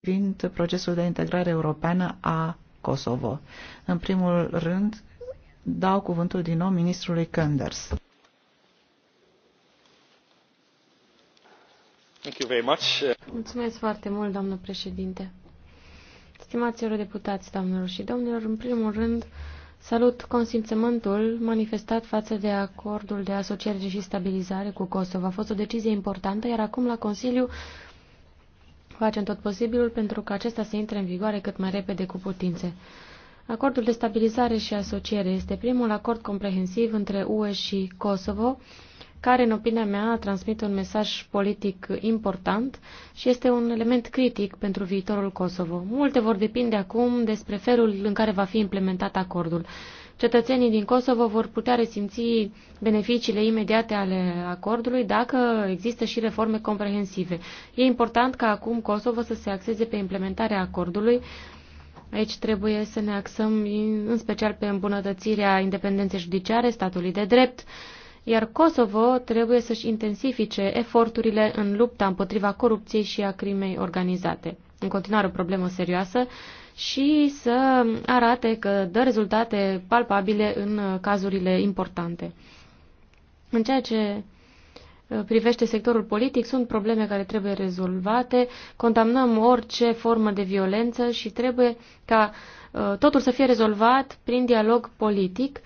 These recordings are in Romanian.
privind procesul de integrare europeană a Kosovo. În primul rând, dau cuvântul din nou ministrului Kenders. Thank you very much. Mulțumesc foarte mult, doamnă președinte. Stimați eurodeputați, doamnelor și domnilor, în primul rând, salut consimțământul manifestat față de acordul de asociere și stabilizare cu Kosovo. A fost o decizie importantă, iar acum la Consiliu Facem tot posibilul pentru ca acesta să intre în vigoare cât mai repede cu putințe. Acordul de stabilizare și asociere este primul acord comprehensiv între UE și Kosovo, care, în opinia mea, transmite un mesaj politic important și este un element critic pentru viitorul Kosovo. Multe vor depinde acum despre felul în care va fi implementat acordul. Cetățenii din Kosovo vor putea resimți beneficiile imediate ale acordului dacă există și reforme comprehensive. E important ca acum Kosovo să se axeze pe implementarea acordului. Aici trebuie să ne axăm în special pe îmbunătățirea independenței judiciare, statului de drept, iar Kosovo trebuie să-și intensifice eforturile în lupta împotriva corupției și a crimei organizate. În continuare o problemă serioasă, și să arate că dă rezultate palpabile în cazurile importante. În ceea ce uh, privește sectorul politic, sunt probleme care trebuie rezolvate, condamnăm orice formă de violență și trebuie ca uh, totul să fie rezolvat prin dialog politic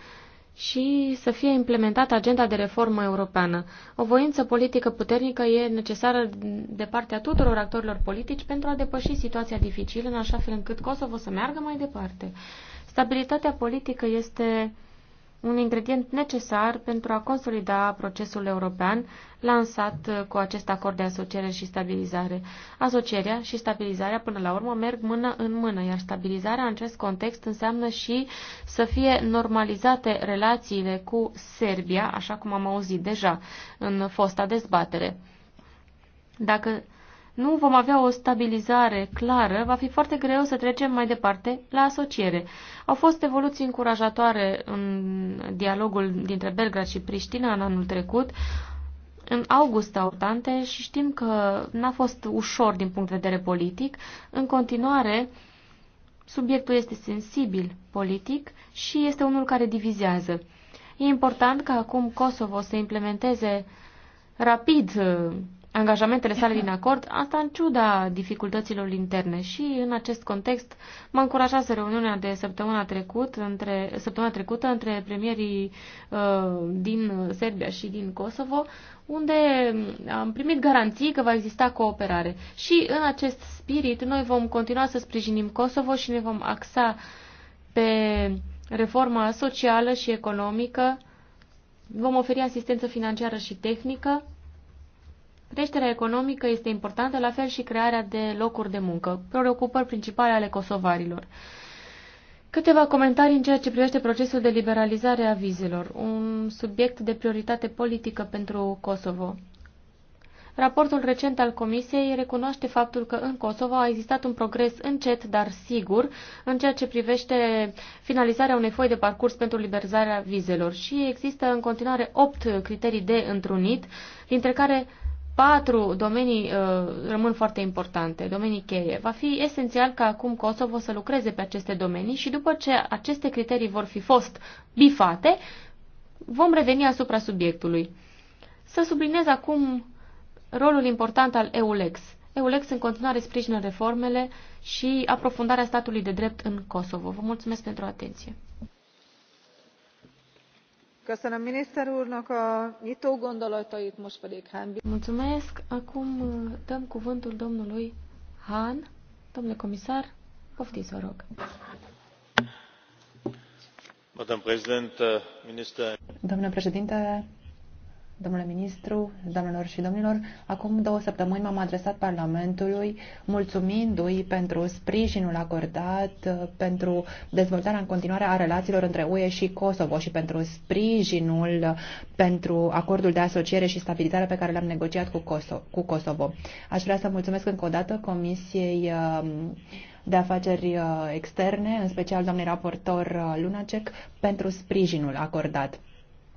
și să fie implementată agenda de reformă europeană. O voință politică puternică e necesară de partea tuturor actorilor politici pentru a depăși situația dificilă, în așa fel încât Kosovo să meargă mai departe. Stabilitatea politică este un ingredient necesar pentru a consolida procesul european lansat uh, cu acest acord de asociere și stabilizare. Asocierea și stabilizarea până la urmă merg mână în mână, iar stabilizarea în acest context înseamnă și să fie normalizate relațiile cu Serbia, așa cum am auzit deja în fosta dezbatere. Dacă nu vom avea o stabilizare clară, va fi foarte greu să trecem mai departe la asociere. Au fost evoluții încurajatoare în dialogul dintre Belgrad și Priștina în anul trecut, în august tante și știm că n-a fost ușor din punct de vedere politic. În continuare, subiectul este sensibil politic și este unul care divizează. E important ca acum Kosovo să implementeze rapid angajamentele sale din acord, asta în ciuda dificultăților interne. Și în acest context m-a încurajat reuniunea de săptămâna, trecut, între, săptămâna trecută între premierii uh, din Serbia și din Kosovo, unde am primit garanții că va exista cooperare. Și în acest spirit noi vom continua să sprijinim Kosovo și ne vom axa pe reforma socială și economică, vom oferi asistență financiară și tehnică, Creșterea economică este importantă, la fel și crearea de locuri de muncă, preocupări principale ale kosovarilor. Câteva comentarii în ceea ce privește procesul de liberalizare a vizelor, un subiect de prioritate politică pentru Kosovo. Raportul recent al Comisiei recunoaște faptul că în Kosovo a existat un progres încet, dar sigur, în ceea ce privește finalizarea unei foi de parcurs pentru liberalizarea vizelor și există în continuare opt criterii de întrunit, dintre care patru domenii uh, rămân foarte importante, domenii cheie. Va fi esențial ca acum Kosovo să lucreze pe aceste domenii și după ce aceste criterii vor fi fost bifate, vom reveni asupra subiectului. Să subliniez acum rolul important al EULEX. EULEX în continuare sprijină reformele și aprofundarea statului de drept în Kosovo. Vă mulțumesc pentru atenție. Mulțumesc. Acum uh, dăm cuvântul domnului Han. Domnule comisar, poftiți, vă rog. Uh, Domnule președinte, Domnule ministru, domnilor și domnilor, acum două săptămâni m-am adresat Parlamentului mulțumindu-i pentru sprijinul acordat uh, pentru dezvoltarea în continuare a relațiilor între UE și Kosovo și pentru sprijinul uh, pentru acordul de asociere și stabilitate pe care l-am negociat cu, Koso- cu Kosovo. Aș vrea să mulțumesc încă o dată Comisiei um, de afaceri uh, externe, în special doamnei raportor Lunacek, pentru sprijinul acordat.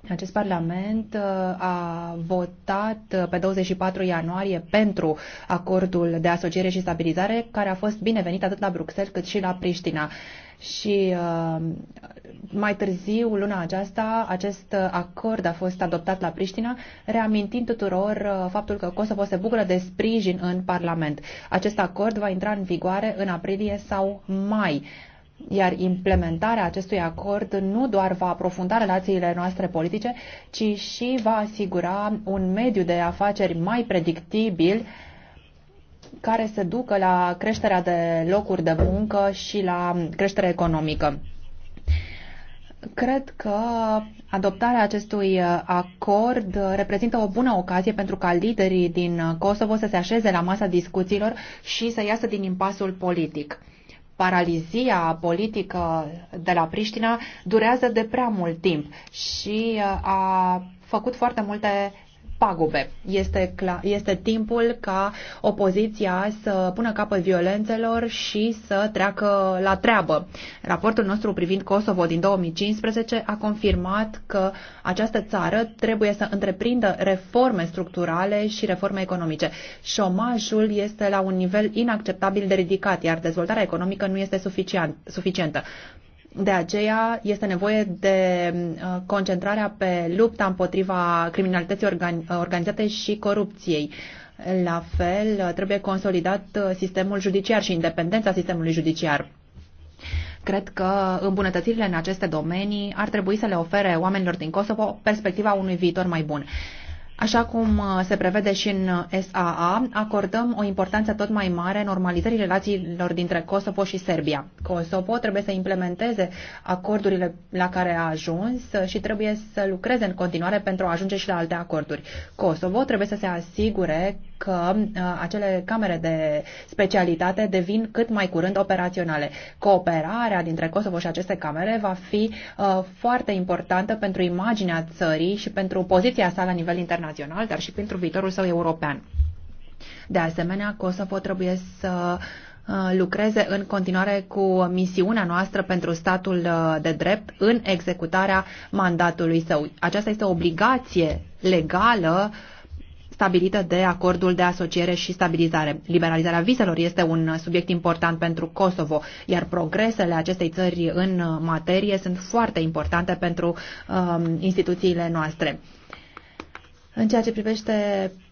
Acest Parlament uh, a votat uh, pe 24 ianuarie pentru acordul de asociere și stabilizare, care a fost binevenit atât la Bruxelles cât și la Priștina. Și uh, mai târziu, luna aceasta, acest acord a fost adoptat la Priștina, reamintind tuturor faptul că Kosovo se bucură de sprijin în Parlament. Acest acord va intra în vigoare în aprilie sau mai iar implementarea acestui acord nu doar va aprofunda relațiile noastre politice, ci și va asigura un mediu de afaceri mai predictibil care se ducă la creșterea de locuri de muncă și la creșterea economică. Cred că adoptarea acestui acord reprezintă o bună ocazie pentru ca liderii din Kosovo să se așeze la masa discuțiilor și să iasă din impasul politic paralizia politică de la Priștina durează de prea mult timp și uh, a făcut foarte multe pagube. Este, cla- este timpul ca opoziția să pună capăt violențelor și să treacă la treabă. Raportul nostru privind Kosovo din 2015 a confirmat că această țară trebuie să întreprindă reforme structurale și reforme economice. Șomajul este la un nivel inacceptabil de ridicat, iar dezvoltarea economică nu este suficient, suficientă. De aceea este nevoie de uh, concentrarea pe lupta împotriva criminalității organizate și corupției. La fel, uh, trebuie consolidat uh, sistemul judiciar și independența sistemului judiciar. Cred că îmbunătățirile în aceste domenii ar trebui să le ofere oamenilor din Kosovo perspectiva unui viitor mai bun. Așa cum uh, se prevede și în uh, SAA, acordăm o importanță tot mai mare normalizării relațiilor dintre Kosovo și Serbia. Kosovo trebuie să implementeze acordurile la care a ajuns uh, și trebuie să lucreze în continuare pentru a ajunge și la alte acorduri. Kosovo trebuie să se asigure că uh, acele camere de specialitate devin cât mai curând operaționale. Cooperarea dintre Kosovo și aceste camere va fi uh, foarte importantă pentru imaginea țării și pentru poziția sa la nivel internațional, dar și pentru viitorul său european. De asemenea, Kosovo trebuie să uh, lucreze în continuare cu misiunea noastră pentru statul de drept în executarea mandatului său. Aceasta este o obligație legală uh, stabilită de acordul de asociere și stabilizare. Liberalizarea vizelor este un subiect important pentru Kosovo, iar progresele acestei țări în materie sunt foarte importante pentru um, instituțiile noastre. În ceea ce privește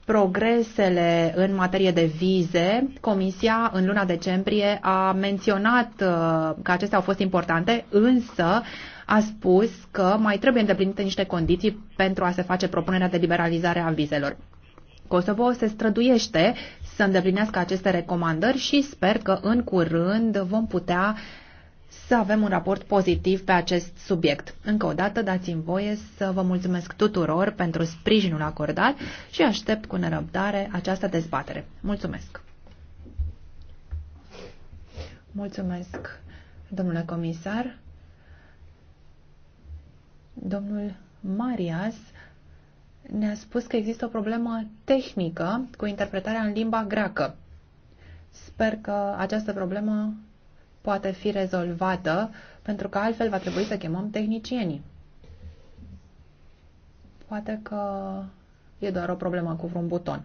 progresele în materie de vize, Comisia în luna decembrie a menționat uh, că acestea au fost importante, însă a spus că mai trebuie îndeplinite niște condiții pentru a se face propunerea de liberalizare a vizelor. Kosovo se străduiește să îndeplinească aceste recomandări și sper că în curând vom putea să avem un raport pozitiv pe acest subiect. Încă o dată dați-mi voie să vă mulțumesc tuturor pentru sprijinul acordat și aștept cu nerăbdare această dezbatere. Mulțumesc! Mulțumesc, domnule comisar. Domnul Marias ne-a spus că există o problemă tehnică cu interpretarea în limba greacă. Sper că această problemă poate fi rezolvată, pentru că altfel va trebui să chemăm tehnicienii. Poate că e doar o problemă cu vreun buton.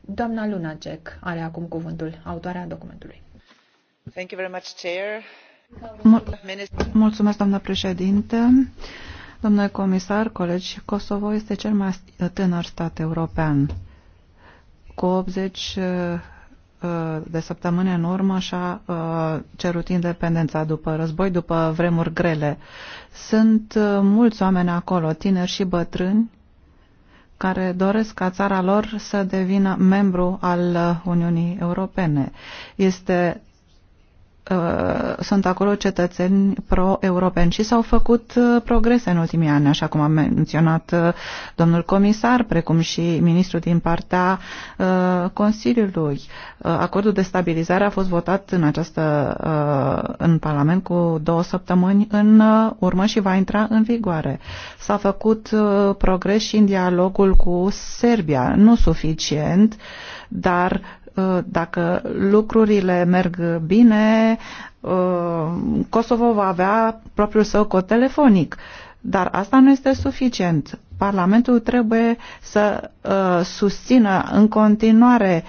Doamna Lunacek are acum cuvântul, autoarea documentului. Thank you very much, Chair. Mul Mulțumesc, doamna președinte. Domnule comisar, colegi, Kosovo este cel mai tânăr stat european. Cu 80 uh, de săptămâni în urmă și-a uh, cerut independența după război, după vremuri grele. Sunt uh, mulți oameni acolo, tineri și bătrâni, care doresc ca țara lor să devină membru al Uniunii Europene. Este Uh, sunt acolo cetățeni pro-europeni și s-au făcut uh, progrese în ultimii ani, așa cum a menționat uh, domnul comisar, precum și ministrul din partea Consiliului. Acordul de stabilizare a fost votat în această în Parlament cu două săptămâni în urmă și va intra în vigoare. S-a făcut progres și în dialogul cu Serbia, nu suficient, dar Uh, dacă lucrurile merg bine, uh, Kosovo va avea propriul său cod telefonic. Dar asta nu este suficient. Parlamentul trebuie să uh, susțină în continuare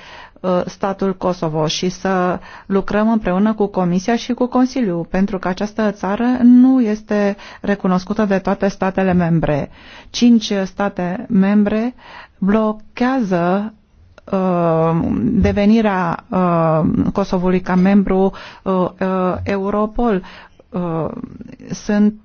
statul Kosovo și să lucrăm împreună cu Comisia și cu Consiliul, pentru că această țară nu este recunoscută de toate statele membre. Cinci state membre blochează Uh, devenirea uh, Kosovului ca membru uh, Europol sunt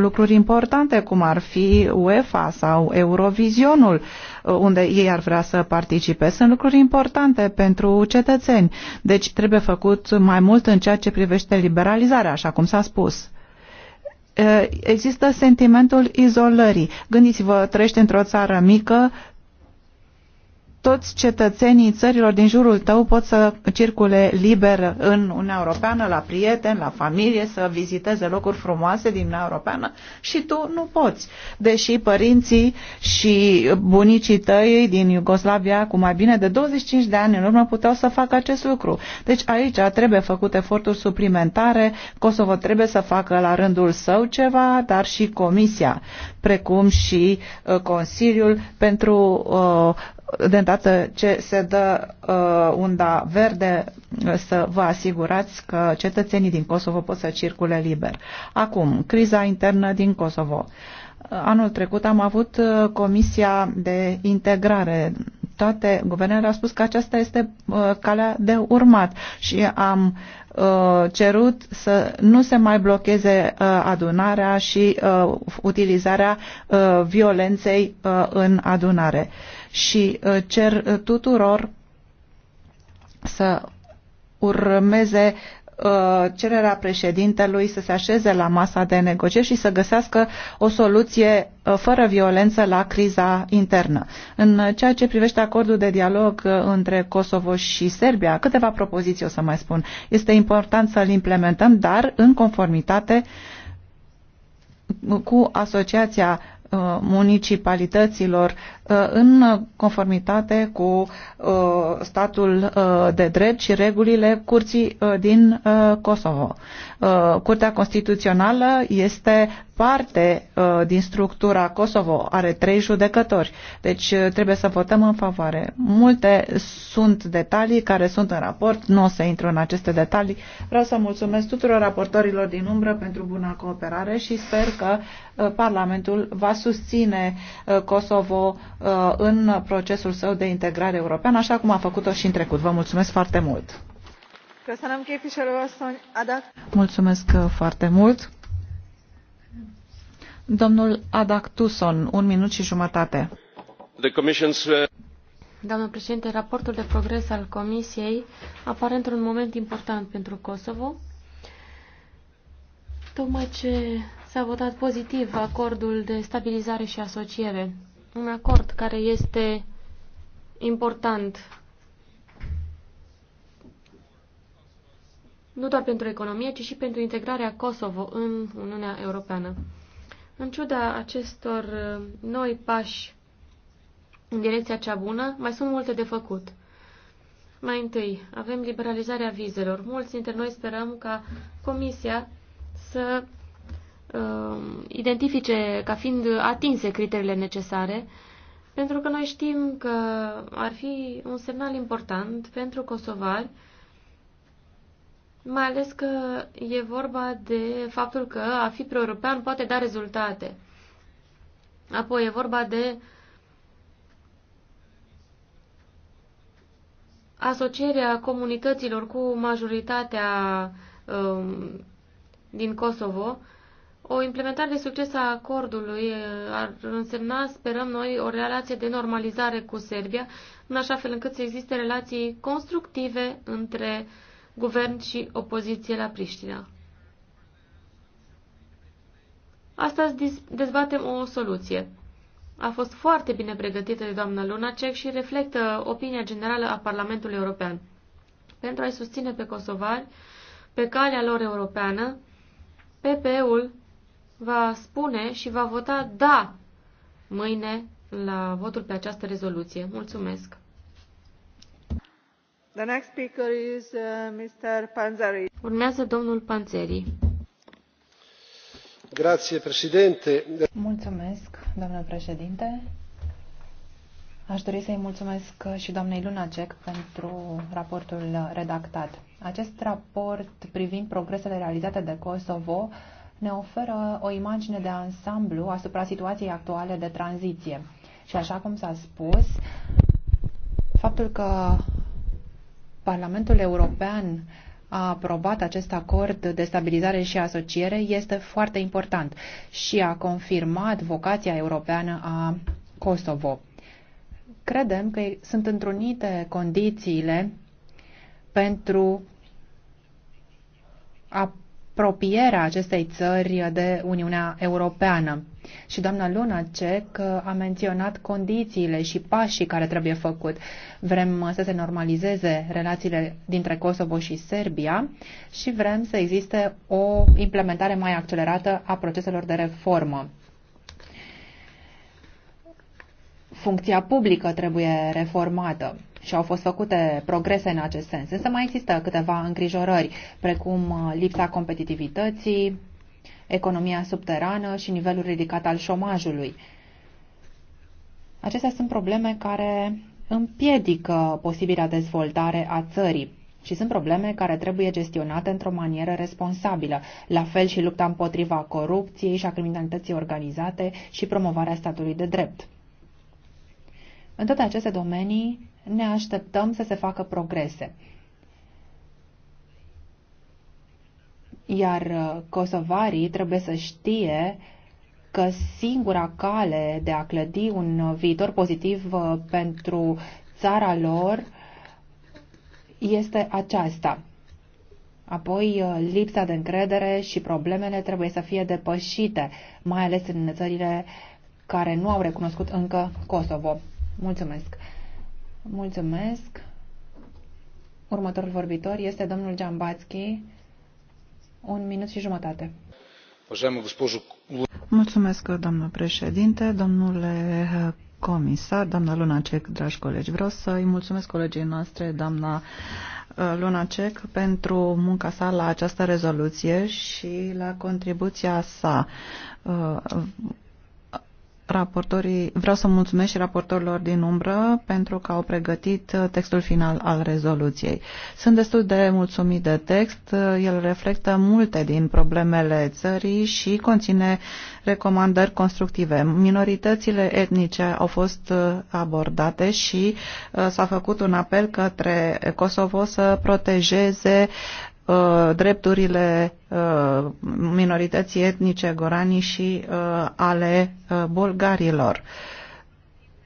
lucruri importante, cum ar fi UEFA sau Eurovisionul, unde ei ar vrea să participe. Sunt lucruri importante pentru cetățeni. Deci trebuie făcut mai mult în ceea ce privește liberalizarea, așa cum s-a spus există sentimentul izolării. Gândiți-vă, trăiește într-o țară mică, toți cetățenii țărilor din jurul tău pot să circule liber în Uniunea Europeană, la prieteni, la familie, să viziteze locuri frumoase din Uniunea Europeană și tu nu poți. Deși părinții și bunicii tăi din Iugoslavia cu mai bine de 25 de ani în urmă puteau să facă acest lucru. Deci aici trebuie făcut eforturi suplimentare, Kosovo trebuie să facă la rândul său ceva, dar și Comisia precum și uh, Consiliul, pentru uh, de îndată ce se dă uh, unda verde uh, să vă asigurați că cetățenii din Kosovo pot să circule liber. Acum, criza internă din Kosovo. Anul trecut am avut Comisia de Integrare. Toate guvernele au spus că aceasta este uh, calea de urmat și am uh, Uh, cerut să nu se mai blocheze uh, adunarea și uh, utilizarea violenței în adunare. Și cer tuturor să urmeze Uh, cererea președintelui să se așeze la masa de negocieri și să găsească o soluție uh, fără violență la criza internă. În ceea ce privește acordul de dialog uh, între Kosovo și Serbia, câteva propoziții o să mai spun. Este important să-l implementăm, dar în conformitate cu Asociația municipalităților Uh, în conformitate cu uh, statul uh, de drept și regulile curții din Kosovo. Curtea Constituțională este parte din structura Kosovo, are trei judecători, deci trebuie să votăm în favoare. Multe sunt detalii care sunt în raport, nu o să intru în aceste detalii. Vreau să mulțumesc tuturor raportorilor din umbră pentru buna cooperare și sper că Parlamentul va susține Kosovo Uh, în procesul său de integrare europeană, așa cum a făcut-o și în trecut. Vă mulțumesc foarte mult! Mulțumesc uh, foarte mult! Domnul Adak Tuson, un minut și jumătate. Uh, Doamnă președinte, raportul de progres al Comisiei apare într-un moment important pentru Kosovo. Tocmai ce s-a votat pozitiv acordul de stabilizare și asociere un acord care este important nu doar pentru economie, ci și pentru integrarea Kosovo în Uniunea Europeană. În ciuda acestor uh, noi pași în direcția cea bună, mai sunt multe de făcut. Mai întâi, avem liberalizarea vizelor. Mulți dintre noi sperăm ca Comisia să Um, identifice ca fiind atinse criteriile necesare, pentru că noi știm că ar fi un semnal important pentru kosovari, mai ales că e vorba de faptul că a fi pro-european poate da rezultate. Apoi e vorba de asocierea comunităților cu majoritatea um, din Kosovo, o implementare de succes a acordului uh, ar însemna, sperăm noi, o relație de normalizare cu Serbia, în așa fel încât să existe relații constructive între guvern și opoziție la Priștina. Astăzi dezbatem o soluție. A fost foarte bine pregătită de doamna Lunacek și reflectă opinia generală a Parlamentului European. Pentru a-i susține pe kosovari, pe calea lor europeană, PPE-ul va spune și va vota da mâine la votul pe această rezoluție. Mulțumesc! The next speaker is, uh, Mr. Panzeri. Urmează domnul Panzeri. Grazie, președinte. Mulțumesc, doamnă președinte. Aș dori să-i mulțumesc și doamnei Lunacek pentru raportul redactat. Acest raport privind progresele realizate de Kosovo uh, ne oferă o imagine de ansamblu asupra situației actuale de tranziție. Și așa cum s-a spus, faptul că Parlamentul European a aprobat acest acord de stabilizare și asociere este foarte important și a confirmat vocația europeană a Kosovo. Credem că sunt întrunite condițiile pentru a apropierea acestei țări de Uniunea Europeană. Și doamna Lunacek a menționat condițiile și pașii care trebuie făcut. Vrem să se normalizeze relațiile dintre Kosovo și Serbia și vrem să existe o implementare mai accelerată a proceselor de reformă. Funcția publică trebuie reformată și au fost făcute progrese în acest sens. Însă mai există câteva îngrijorări, precum uh, lipsa competitivității, economia subterană și nivelul ridicat al șomajului. Acestea sunt probleme care împiedică posibila dezvoltare a țării și sunt probleme care trebuie gestionate într-o manieră responsabilă, la fel și lupta împotriva corupției și a criminalității organizate și promovarea statului de drept. În toate aceste domenii, ne așteptăm să se facă progrese. Iar uh, kosovarii trebuie să știe că singura cale de a clădi un uh, viitor pozitiv uh, pentru țara lor este aceasta. Apoi, lipsa de încredere și problemele trebuie să fie depășite, mai ales în țările care nu au recunoscut încă Kosovo. Mulțumesc! Mulțumesc. Următorul vorbitor este domnul Giambatski. Un minut și jumătate. Mulțumesc, doamnă președinte, domnule э, comisar, doamna Lunacek, dragi colegi. Vreau să-i mulțumesc colegii noastre, doamna э, Lunacek, pentru munca sa la această rezoluție și la contribuția sa э, raportorii, vreau să mulțumesc și raportorilor din umbră pentru că au pregătit uh, textul final al rezoluției. Sunt destul de mulțumit de text, uh, el reflectă multe din problemele țării și conține recomandări constructive. Minoritățile etnice au fost uh, abordate și s-a făcut un apel către Kosovo să protejeze Uh, drepturile uh, minorității etnice goranii și uh, ale bulgarilor.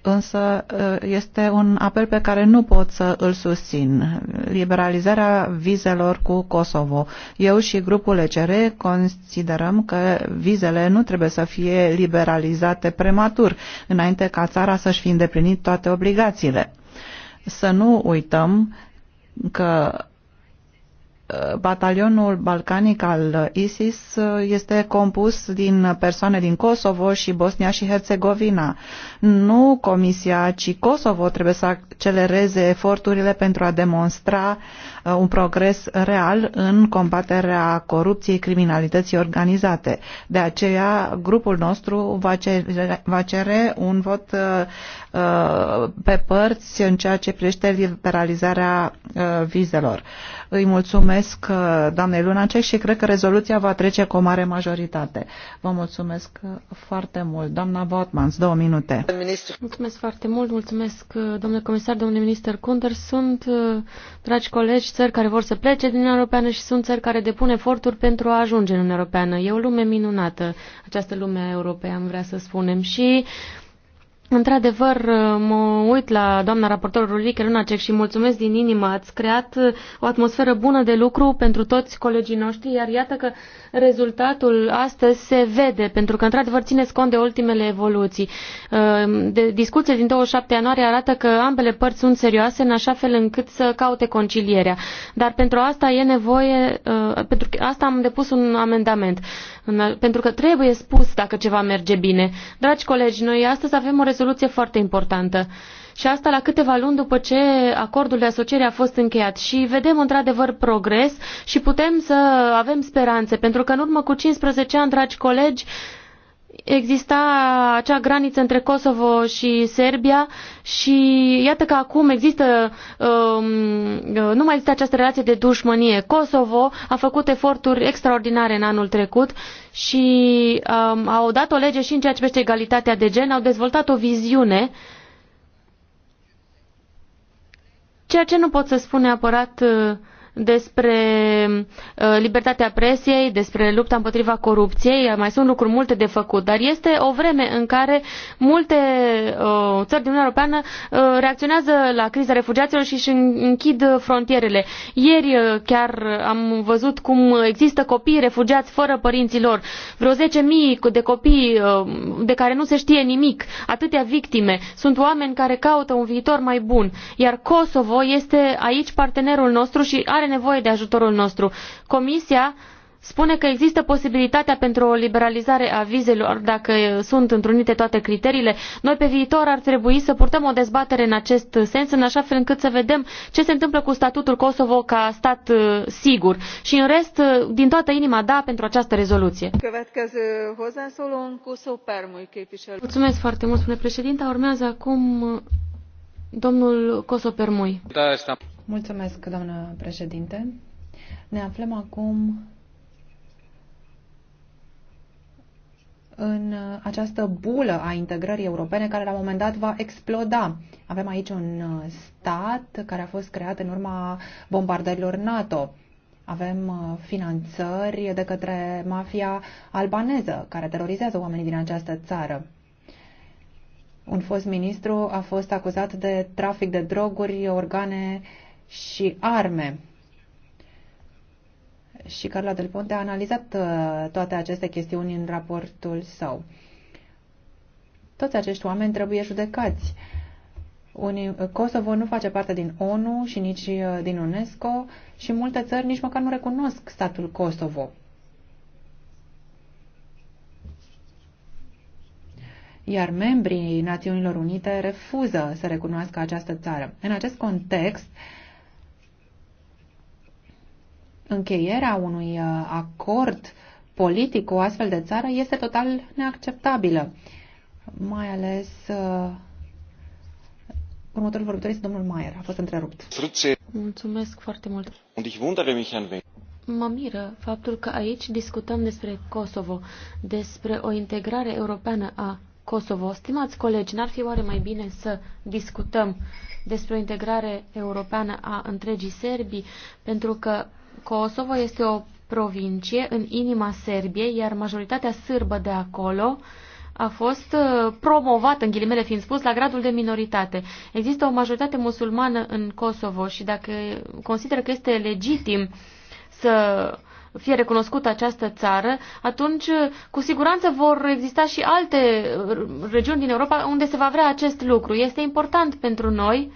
Însă este un apel pe care nu pot să îl susțin. Liberalizarea vizelor cu Kosovo. Eu și grupul ECR considerăm că vizele nu trebuie să fie liberalizate prematur, înainte ca țara să-și fi îndeplinit toate obligațiile. Să nu uităm că Uh, batalionul balcanic al ISIS uh, este compus din persoane din Kosovo și Bosnia și Herțegovina. Nu Comisia, ci Kosovo trebuie să accelereze eforturile pentru a demonstra uh, un progres real în combaterea corupției, criminalității organizate. De aceea, grupul nostru va cere, va cere un vot uh, pe părți în ceea ce privește liberalizarea uh, vizelor. Uh, îi mulțumesc uh, doamnei Lunacek și cred că rezoluția va trece cu o mare majoritate. Vă mulțumesc uh, foarte mult. Doamna Votmans, două minute. Mulțumesc foarte mult, mulțumesc uh, domnule comisar, domnule minister Kunder. Sunt, dragi colegi, țări care vor să plece din Uniunea Europeană și sunt țări care depun eforturi pentru a ajunge în Uniunea Europeană. E o lume minunată, această lume europeană, am vrea să spunem. Și Într-adevăr, mă uit la doamna raportor Rulviche Lunacek și mulțumesc din inimă. Ați creat o atmosferă bună de lucru pentru toți colegii noștri, iar iată că rezultatul astăzi se vede, pentru că într-adevăr țineți cont de ultimele evoluții. Ehm, de discuție din 27 ianuarie arată că ambele părți sunt serioase în așa fel încât să caute concilierea. Dar pentru asta e nevoie, ehm, pentru că asta am depus un amendament pentru că trebuie spus dacă ceva merge bine. Dragi colegi, noi astăzi avem o rezoluție foarte importantă. Și asta la câteva luni după ce acordul de asociere a fost încheiat. Și vedem într-adevăr progres și putem să avem speranțe, pentru că în urmă cu 15 ani, dragi colegi, exista acea graniță între Kosovo și Serbia și iată că acum există um, nu mai există această relație de dușmănie. Kosovo a făcut eforturi extraordinare în anul trecut și um, au dat o lege și în ceea ce privește egalitatea de gen, au dezvoltat o viziune uh, ceea ce nu pot să spun neapărat uh, despre uh, libertatea presiei, despre lupta împotriva corupției, mai sunt lucruri multe de făcut, dar este o vreme în care multe uh, țări din Uniunea Europeană uh, reacționează la criza refugiaților și își închid frontierele. Ieri chiar am văzut cum există copii refugiați fără părinții lor, vreo 10.000 de copii de care nu se știe nimic, atâtea victime. Sunt oameni care caută un viitor mai bun, iar Kosovo este aici partenerul nostru și are are nevoie de ajutorul nostru. Comisia spune că există posibilitatea pentru o liberalizare a vizelor dacă sunt întrunite toate criteriile. Noi pe viitor ar trebui să purtăm o dezbatere în acest sens, în așa fel încât să vedem ce se întâmplă cu statutul Kosovo ca stat uh, sigur. Și în rest, uh, din toată inima, da pentru această rezoluție. Mulțumesc foarte mult, spune președinta. Urmează acum uh, domnul Kosopermui. Da, Mulțumesc, doamnă președinte. Ne aflăm acum în această bulă a integrării europene care la un moment dat va exploda. Avem aici un stat care a fost creat în urma bombardărilor NATO. Avem uh, finanțări de către mafia albaneză care terorizează oamenii din această țară. Un fost ministru a fost acuzat de trafic de droguri, organe uh, și arme. Și Carla Del Ponte a analizat uh, toate aceste chestiuni în raportul său. Toți acești oameni trebuie judecați. Unii, uh, Kosovo nu face parte din ONU și nici uh, din UNESCO și multe țări nici măcar nu recunosc statul Kosovo. iar membrii Națiunilor Unite refuză să recunoască această țară. În acest context, uh, încheierea unui uh, acord politic cu o astfel de țară este total neacceptabilă. Mai ales uh, următorul vorbitor este domnul Maier. A fost întrerupt. Mulțumesc foarte mult. Mă miră faptul că aici discutăm despre Kosovo, despre o integrare europeană a Kosovo. Stimați colegi, n-ar fi oare mai bine să discutăm despre o integrare europeană a întregii Serbii, pentru că Kosovo este o provincie în inima Serbiei, iar majoritatea sârbă de acolo a fost uh, promovată, în ghilimele fiind spus, la gradul de minoritate. Există o majoritate musulmană în Kosovo și dacă consideră că este legitim să fie recunoscută această țară, atunci uh, cu siguranță vor exista și alte regiuni din Europa unde se va vrea acest lucru. Este important pentru noi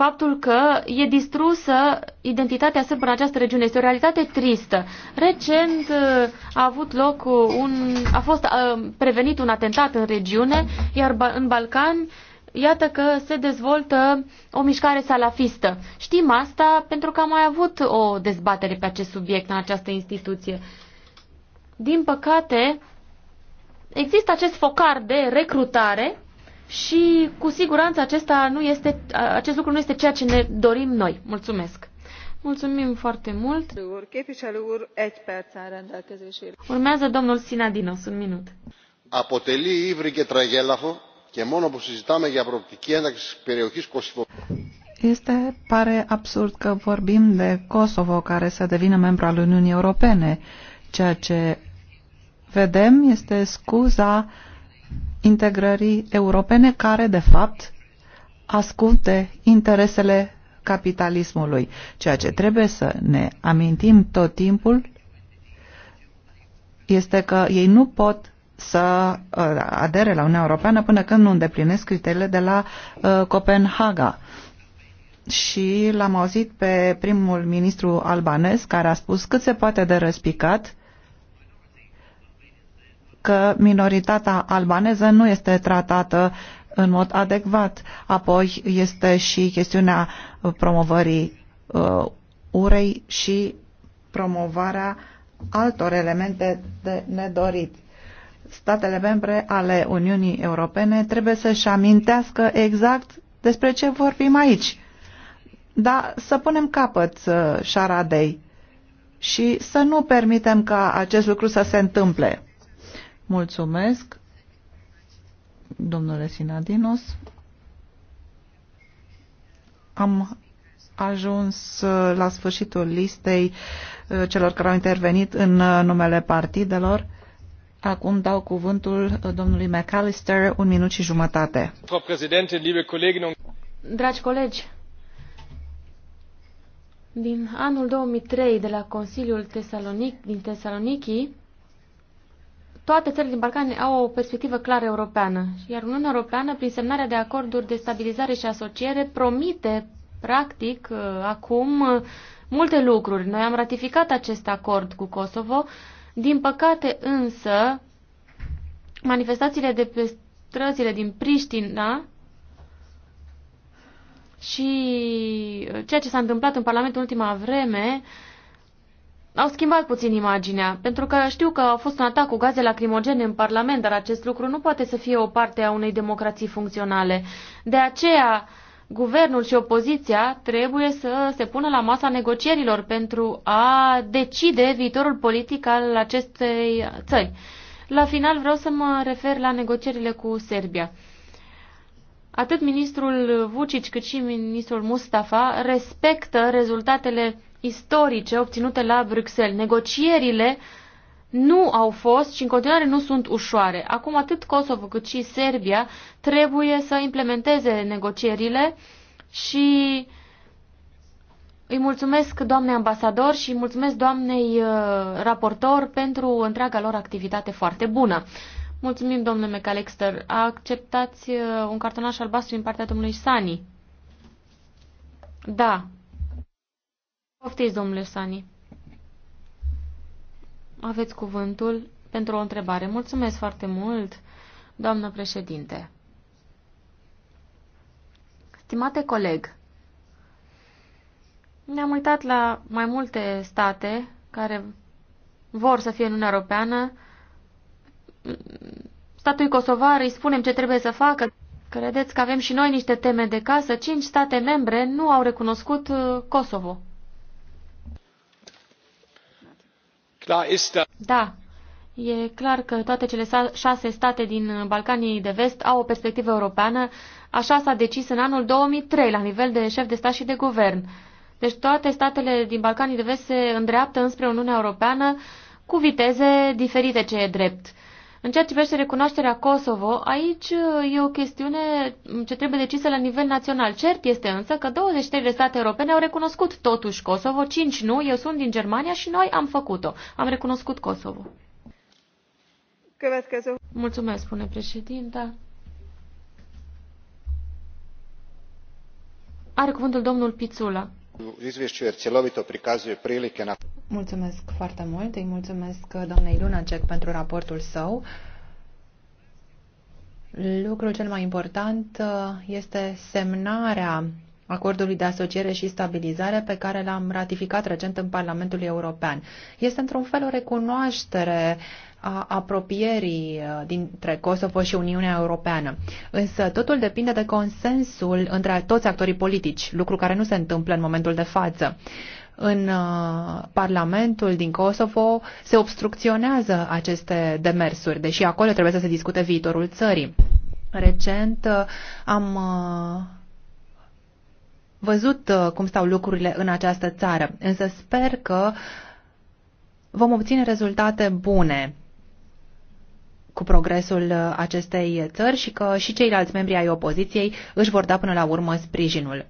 faptul că e distrusă identitatea sârbă în această regiune. Este o realitate tristă. Recent uh, a avut loc un, a fost a, uh, prevenit un atentat în regiune, iar în Balcani iată că se dezvoltă o mișcare salafistă. Știm asta pentru că am mai avut o dezbatere pe acest subiect în această instituție. Din păcate, există acest focar de recrutare și cu siguranță acesta nu este, acest lucru nu este ceea ce ne dorim noi. Mulțumesc! Mulțumim foarte mult! Urmează domnul Sinadinos, un minut. Apoteli ύβρι και τραγέλαφο και μόνο που συζητάμε για προοπτική ένταξη περιοχής Kosovo. Este, pare absurd că vorbim de Kosovo care să devină membru al Uniunii Europene. Ceea ce vedem este scuza integrării europene care, de fapt, ascunde interesele capitalismului. Ceea ce trebuie să ne amintim tot timpul este că ei nu pot să uh, adere la Uniunea Europeană până când nu îndeplinesc criteriile de la uh, Copenhaga. Și l-am auzit pe primul ministru albanez care a spus cât se poate de răspicat că minoritatea albaneză nu este tratată în mod adecvat. Apoi este și chestiunea promovării uh, urei și promovarea altor elemente de nedorit. Statele membre ale Uniunii Europene trebuie să-și amintească exact despre ce vorbim aici. Dar să punem capăt uh, șaradei și să nu permitem ca acest lucru să se întâmple. Mulțumesc, domnule Sinadinos. Am ajuns uh, la sfârșitul listei uh, celor care au intervenit în uh, numele partidelor. Acum dau cuvântul domnului McAllister, un minut și jumătate. Dragi colegi, din anul 2003 de la Consiliul Tesalonic, din Tesaloniki, toate țările din Balcani au o perspectivă clară europeană, iar Uniunea Europeană, prin semnarea de acorduri de stabilizare și asociere, promite, practic, uh, acum uh, multe lucruri. Noi am ratificat acest acord cu Kosovo, din păcate însă, manifestațiile de pe străzile din Priștina și uh, ceea ce s-a întâmplat în Parlament în ultima vreme uh, au schimbat puțin imaginea, pentru că știu că a fost un atac cu gaze lacrimogene în Parlament, dar acest lucru nu poate să fie o parte a unei democrații funcționale. De aceea, guvernul și opoziția trebuie să se pună la masa negocierilor pentru a decide viitorul politic al acestei țări. La final vreau să mă refer la negocierile cu Serbia. Atât ministrul Vucic cât și ministrul Mustafa respectă rezultatele istorice obținute la Bruxelles. Negocierile nu au fost și în continuare nu sunt ușoare. Acum atât Kosovo cât și Serbia trebuie să implementeze negocierile și îi mulțumesc doamnei ambasador și îi mulțumesc doamnei uh, raportor pentru întreaga lor activitate foarte bună. Mulțumim, domnule McAllister. Acceptați uh, un cartonaș albastru din partea domnului Sani? Da, Poftiți, domnule Sani. Aveți cuvântul pentru o întrebare. Mulțumesc foarte mult, doamnă președinte. Stimate coleg, ne-am uitat la mai multe state care vor să fie în Uniunea Europeană. Statul Kosovar îi spunem ce trebuie să facă. Credeți că avem și noi niște teme de casă? Cinci state membre nu au recunoscut uh, Kosovo. Da, da, e clar că toate cele șase state din Balcanii de Vest au o perspectivă europeană. Așa s-a decis în anul 2003 la nivel de șef de stat și de guvern. Deci toate statele din Balcanii de Vest se îndreaptă înspre Uniunea Europeană cu viteze diferite ce e drept. În ceea ce privește recunoașterea Kosovo, aici uh, e o chestiune mm, ce trebuie decisă la nivel național. Cert este însă că 23 de state europene au recunoscut totuși Kosovo, 5 nu, eu sunt din Germania și noi am făcut-o. Am recunoscut Kosovo. Mulțumesc, spune președinta. Are cuvântul domnul Pițula. Mulțumesc foarte mult. Îi mulțumesc doamnei Lunacek pentru raportul său. Lucrul cel mai important uh, este semnarea acordului de asociere și stabilizare pe care l-am ratificat recent în Parlamentul European. Este într-un fel o recunoaștere uh, a apropierii uh, dintre Kosovo și Uniunea Europeană. Însă totul depinde de consensul între toți actorii politici, lucru care nu se întâmplă în momentul de față în uh, Parlamentul din Kosovo se obstrucționează aceste demersuri, deși acolo trebuie să se discute viitorul țării. Recent uh, am văzut cum stau lucrurile în această țară, însă sper că vom obține rezultate bune cu progresul uh, acestei țări și că și ceilalți membri ai opoziției își vor da până la urmă sprijinul.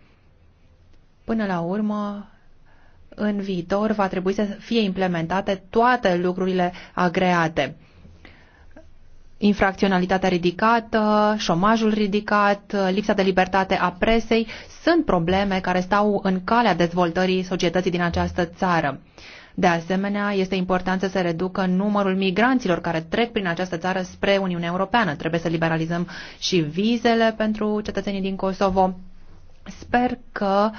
Până la urmă, în viitor va trebui să fie implementate toate lucrurile agreate. Infracționalitatea ridicată, șomajul ridicat, lipsa de libertate a presei sunt probleme care stau în calea dezvoltării societății din această țară. De asemenea, este important să se reducă numărul migranților care trec prin această țară spre Uniunea Europeană. Trebuie să liberalizăm și vizele pentru cetățenii din Kosovo. Sper că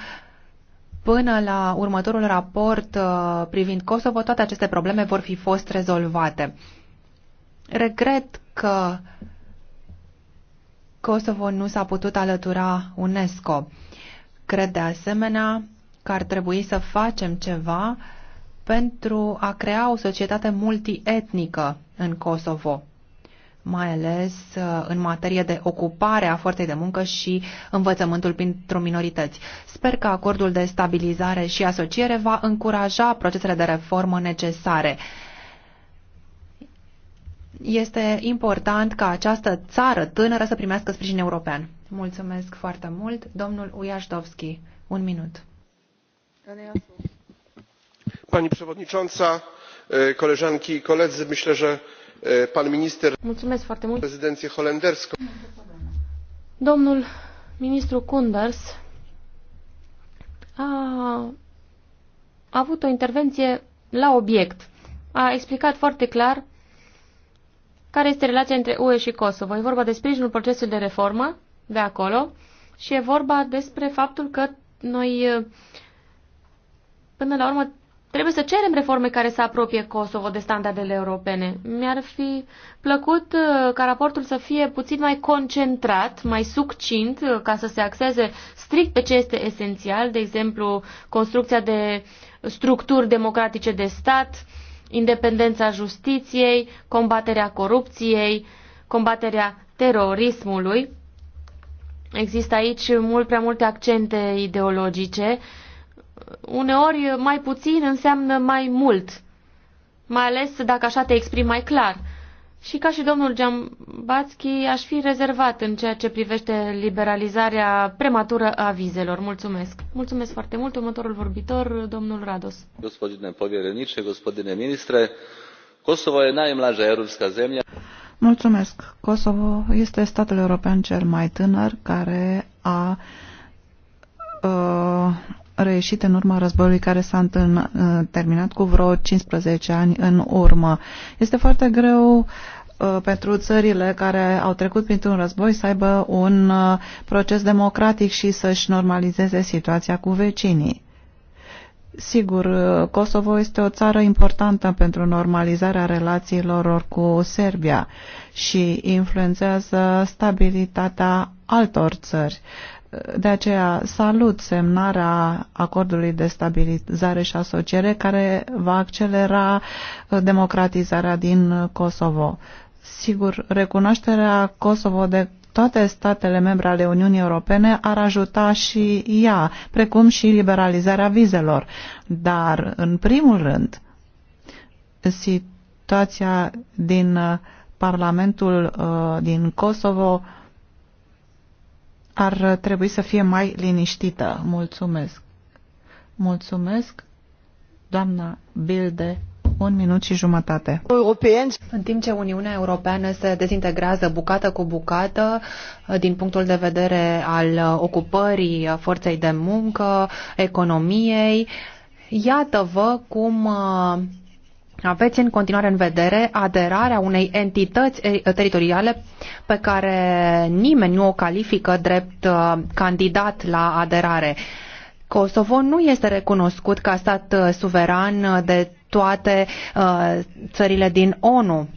până la următorul raport uh, privind Kosovo, toate aceste probleme vor fi fost rezolvate. Regret că Kosovo nu s-a putut alătura UNESCO. Cred de asemenea că ar trebui să facem ceva pentru a crea o societate multietnică în Kosovo mai ales uh, în materie de ocupare a forței de muncă și învățământul pentru minorități. Sper că acordul de stabilizare și asociere va încuraja procesele de reformă necesare. Este important ca această țară tânără să primească sprijin european. Mulțumesc foarte mult. Domnul Ujașdovski, un minut pani przewodnicząca! koleżanki i koledzy! myślę że pan minister prezydencję holenderską. domnul ministru kunders a avut o intervenție la obiect. A explicat foarte clar care este relația între UE și Kosovo. E vorba de sprijinul procesului de reformă de acolo și e vorba despre faptul că noi până la urmă Trebuie să cerem reforme care să apropie Kosovo de standardele europene. Mi-ar fi plăcut uh, ca raportul să fie puțin mai concentrat, mai succint, uh, ca să se axeze strict pe ce este esențial, de exemplu, construcția de structuri democratice de stat, independența justiției, combaterea corupției, combaterea terorismului. Există aici mult prea multe accente ideologice uneori mai puțin înseamnă mai mult, mai ales dacă așa te exprimi mai clar. Și ca și domnul Giambatski, aș fi rezervat în ceea ce privește liberalizarea prematură a vizelor. Mulțumesc. Mulțumesc foarte mult. Următorul vorbitor, domnul Rados. Gospodine povjereniče, gospodine ministre, Kosovo je najmlađa europska zemlja. Mulțumesc. Kosovo este statul european cel mai tânăr care a uh, reieșit în urma războiului care s-a uh, terminat cu vreo 15 ani în urmă. Este foarte greu uh, pentru țările care au trecut printr-un război să aibă un uh, proces democratic și să-și normalizeze situația cu vecinii. Sigur, Kosovo este o țară importantă pentru normalizarea relațiilor lor cu Serbia și influențează stabilitatea altor țări. De aceea salut semnarea acordului de stabilizare și asociere care va accelera democratizarea din Kosovo. Sigur, recunoașterea Kosovo de toate statele membre ale Uniunii Europene ar ajuta și ea, precum și liberalizarea vizelor. Dar, în primul rând, situația din uh, Parlamentul uh, din Kosovo ar trebui să fie mai liniștită. Mulțumesc. Mulțumesc, doamna Bilde un minut și jumătate. Europeeni. În timp ce Uniunea Europeană se dezintegrează bucată cu bucată din punctul de vedere al ocupării forței de muncă, economiei, iată-vă cum aveți în continuare în vedere aderarea unei entități eh, teritoriale pe care nimeni nu o califică drept eh, candidat la aderare. Kosovo nu este recunoscut ca stat eh, suveran de toate țările din ONU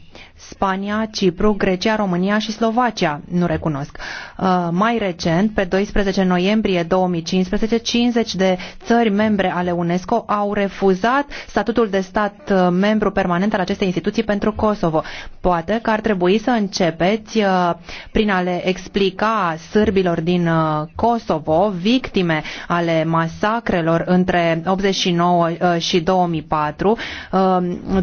Spania, Cipru, Grecia, România și Slovacia nu recunosc. Uh, mai recent, pe 12 noiembrie 2015, 50 de țări membre ale UNESCO au refuzat statutul de stat uh, membru permanent al acestei instituții pentru Kosovo. Poate că ar trebui să începeți uh, prin a le explica sârbilor din Kosovo, victime ale masacrelor între 89 și 2004, 230.000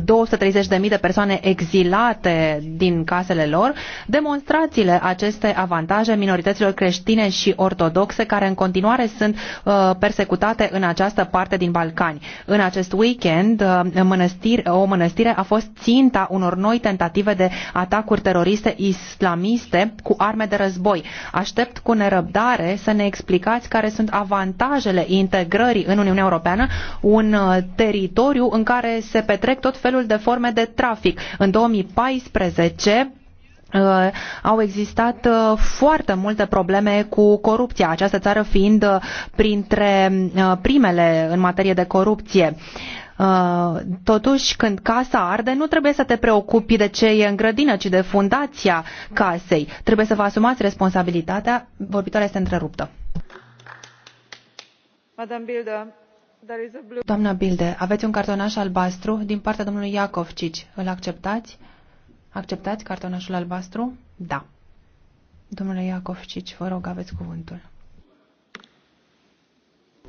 de persoane exilate produse din casele lor, demonstrațiile aceste avantaje minorităților creștine și ortodoxe care în continuare sunt uh, persecutate în această parte din Balcani. În acest weekend, uh, o mănăstire a fost ținta unor noi tentative de atacuri teroriste islamiste cu arme de război. Aștept cu nerăbdare să ne explicați care sunt avantajele integrării în Uniunea Europeană un uh, teritoriu în care se petrec tot felul de forme de trafic. În 2014 2013 uh, au existat uh, foarte multe probleme cu corupția, această țară fiind uh, printre primele în materie de corupție. Totuși, când casa arde, nu trebuie să te preocupi de ce e în grădină, ci de fundația casei. Trebuie să vă asumați responsabilitatea. Vorbitoarea este întreruptă. Doamna Bilde, aveți un cartonaș albastru din partea domnului Iacov Cici. Îl acceptați? Acceptați cartonașul albastru? Da. Domnule Iacovcici, vă rog, aveți cuvântul.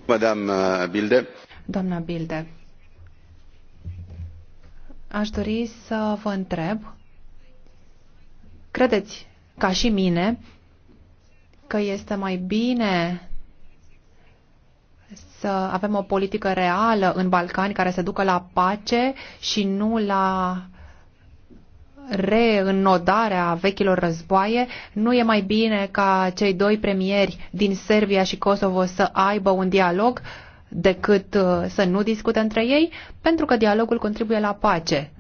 Madame uh, Bilde. Doamna Bilde, aș dori să vă întreb, credeți, ca și mine, că este mai bine să avem o politică reală în Balcani care să ducă la pace și nu la reînnodarea vechilor războaie, nu e mai bine ca cei doi premieri din Serbia și Kosovo să aibă un dialog decât uh, să nu discute între ei, pentru că dialogul contribuie la pace.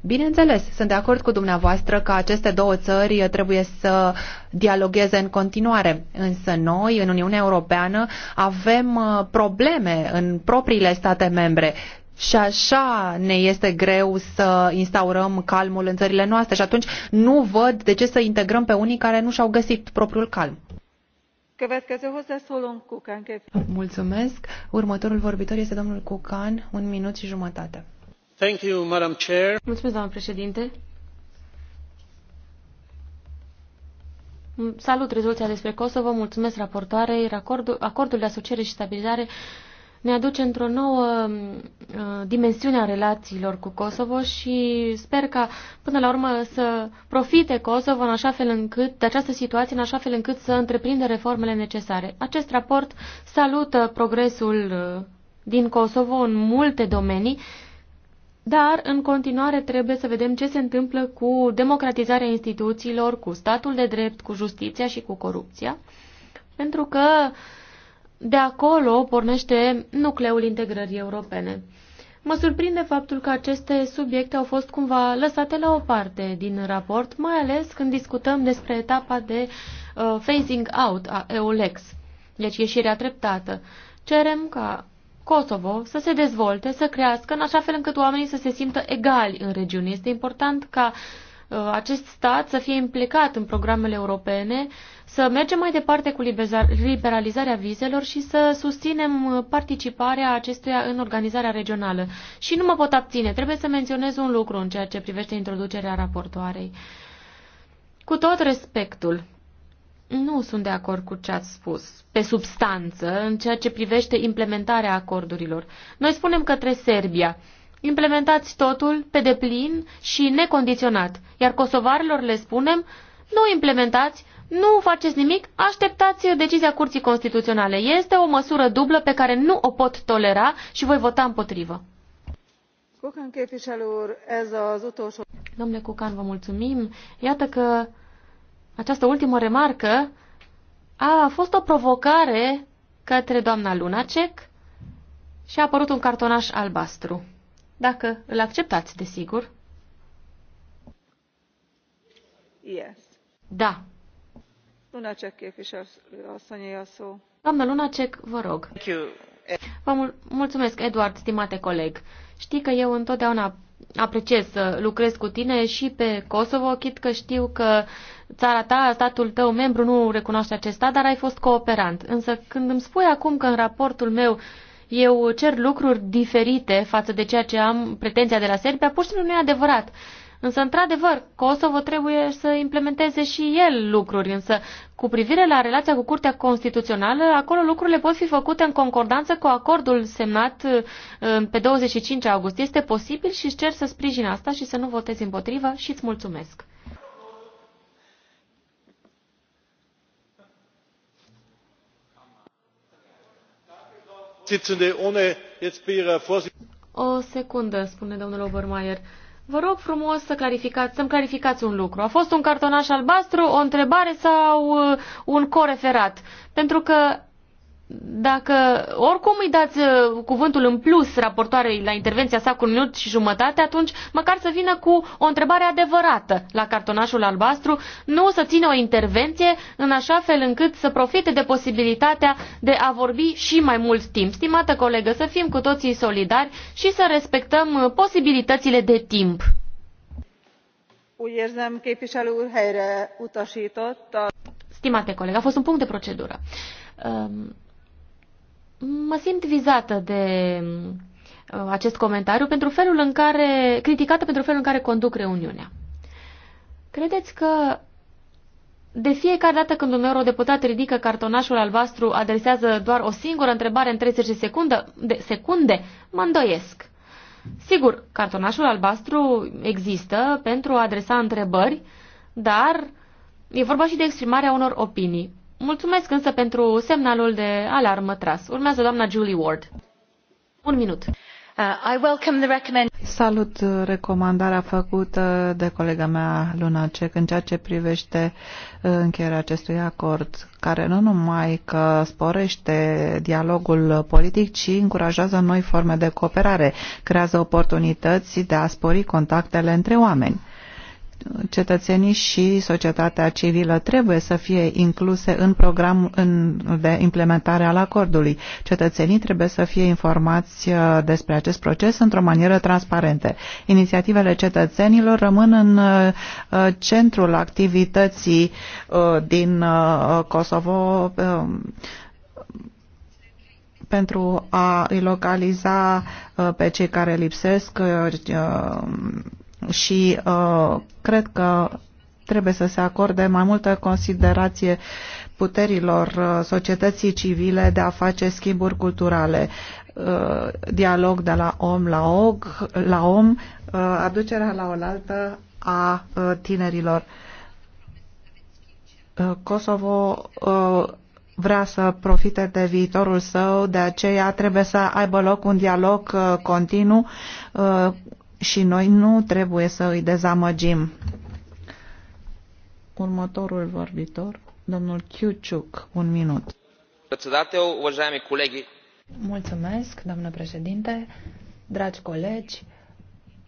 Bineînțeles, sunt de acord cu dumneavoastră că aceste două țări trebuie să dialogueze în continuare, însă noi, în Uniunea Europeană, avem uh, probleme în propriile state membre și așa ne este greu să instaurăm calmul în țările noastre și atunci nu văd de ce să integrăm pe unii care nu și-au găsit propriul calm. Mulțumesc. Următorul vorbitor este domnul Cucan, un minut și jumătate. Thank you, Madam Chair. Mulțumesc, doamnă președinte. Salut rezoluția despre Kosovo, mulțumesc raportoarei. Acordul, acordul de asociere și stabilizare ne aduce într-o nouă mm, uh, dimensiune a relațiilor cu Kosovo și sper ca până la urmă să profite Kosovo în așa fel încât, de această situație în așa fel încât să întreprinde reformele necesare. Acest raport salută progresul uh, din Kosovo în multe domenii, dar în continuare trebuie să vedem ce se întâmplă cu democratizarea instituțiilor, cu statul de drept, cu justiția și cu corupția, pentru că uh, de acolo pornește nucleul integrării europene. Mă surprinde faptul că aceste subiecte au fost cumva lăsate la o parte din raport, mai ales când discutăm despre etapa de uh, phasing out a EULEX, deci ieșirea treptată. Cerem ca Kosovo să se dezvolte, să crească, în așa fel încât oamenii să se simtă egali în regiune. Este important ca uh, Uh, acest stat să fie implicat în programele europene, să mergem mai departe cu liberalizarea vizelor și să susținem uh, participarea acestuia în organizarea regională. Și nu mă pot abține, trebuie să menționez un lucru în ceea ce privește introducerea raportoarei. Cu tot respectul, nu sunt de acord cu ce ați spus, pe substanță, în ceea ce privește implementarea acordurilor. Noi spunem către Serbia, Implementați totul pe deplin și necondiționat, iar kosovarilor le spunem, nu implementați, nu faceți nimic, așteptați decizia Curții Constituționale. Este o măsură dublă pe care nu o pot tolera și voi vota împotrivă. Domnule Cucan, vă mulțumim. Iată că această ultimă remarcă a fost o provocare către doamna Lunacek și a apărut un cartonaș albastru dacă îl acceptați, desigur. Yes. Da. Lunacek képviselő asszonyé a szó. Doamnă Lunacek, vă rog. Thank you. Vă mul mulțumesc, Eduard, stimate coleg. Știi că eu întotdeauna apreciez să lucrez cu tine și pe Kosovo, chit că știu că țara ta, statul tău membru nu recunoaște acesta, dar ai fost cooperant. Însă când îmi spui acum că în raportul meu eu cer lucruri diferite față de ceea ce am pretenția de la Serbia, pur și simplu nu e adevărat. Însă, într-adevăr, Kosovo trebuie să implementeze și el lucruri, însă cu privire la relația cu Curtea Constituțională, acolo lucrurile pot fi făcute în concordanță cu acordul semnat uh, pe 25 august. Este posibil și cer să sprijin asta și să nu votezi împotrivă și îți mulțumesc. O secundă, spune domnul Obermeier. Vă rog frumos să clarificați, să-mi clarificați un lucru. A fost un cartonaș albastru, o întrebare sau uh, un coreferat? Pentru că dacă oricum îi dați uh, cuvântul în plus raportoarei la intervenția sa cu un minut și jumătate, atunci măcar să vină cu o întrebare adevărată la cartonașul albastru, nu să țină o intervenție în așa fel încât să profite de posibilitatea de a vorbi și mai mult timp. Stimată colegă, să fim cu toții solidari și să respectăm uh, posibilitățile de timp. Stimate colegă, a fost un punct de procedură. Um mă simt vizată de uh, acest comentariu pentru felul în care, criticată pentru felul în care conduc reuniunea. Credeți că de fiecare dată când un eurodeputat ridică cartonașul albastru, adresează doar o singură întrebare în 30 de secunde, de secunde, mă îndoiesc. Sigur, cartonașul albastru există pentru a adresa întrebări, dar e vorba și de exprimarea unor opinii. Mulțumesc însă pentru semnalul de alarmă tras. Urmează doamna Julie Ward. Un minut. Uh, Salut recomandarea făcută de colega mea Cec în ceea ce privește uh, încheierea acestui acord, care nu numai că sporește dialogul politic, ci încurajează noi forme de cooperare, creează oportunități de a spori contactele între oameni cetățenii și societatea civilă trebuie să fie incluse în programul în, de implementare al acordului. Cetățenii trebuie să fie informați uh, despre acest proces într-o manieră transparentă. Inițiativele cetățenilor rămân în uh, uh, centrul activității din Kosovo um, pentru a îi localiza pe cei care lipsesc și uh, cred că trebuie să se acorde mai multă considerație puterilor uh, societății civile de a face schimburi culturale. Uh, dialog de la om la, og, la om, uh, aducerea la oaltă a uh, tinerilor. Uh, Kosovo uh, vrea să profite de viitorul său, de aceea trebuie să aibă loc un dialog continuu și noi nu trebuie să îi dezamăgim. Următorul vorbitor, domnul Chiuciuc, un minut. Mulțumesc, doamnă președinte, dragi colegi.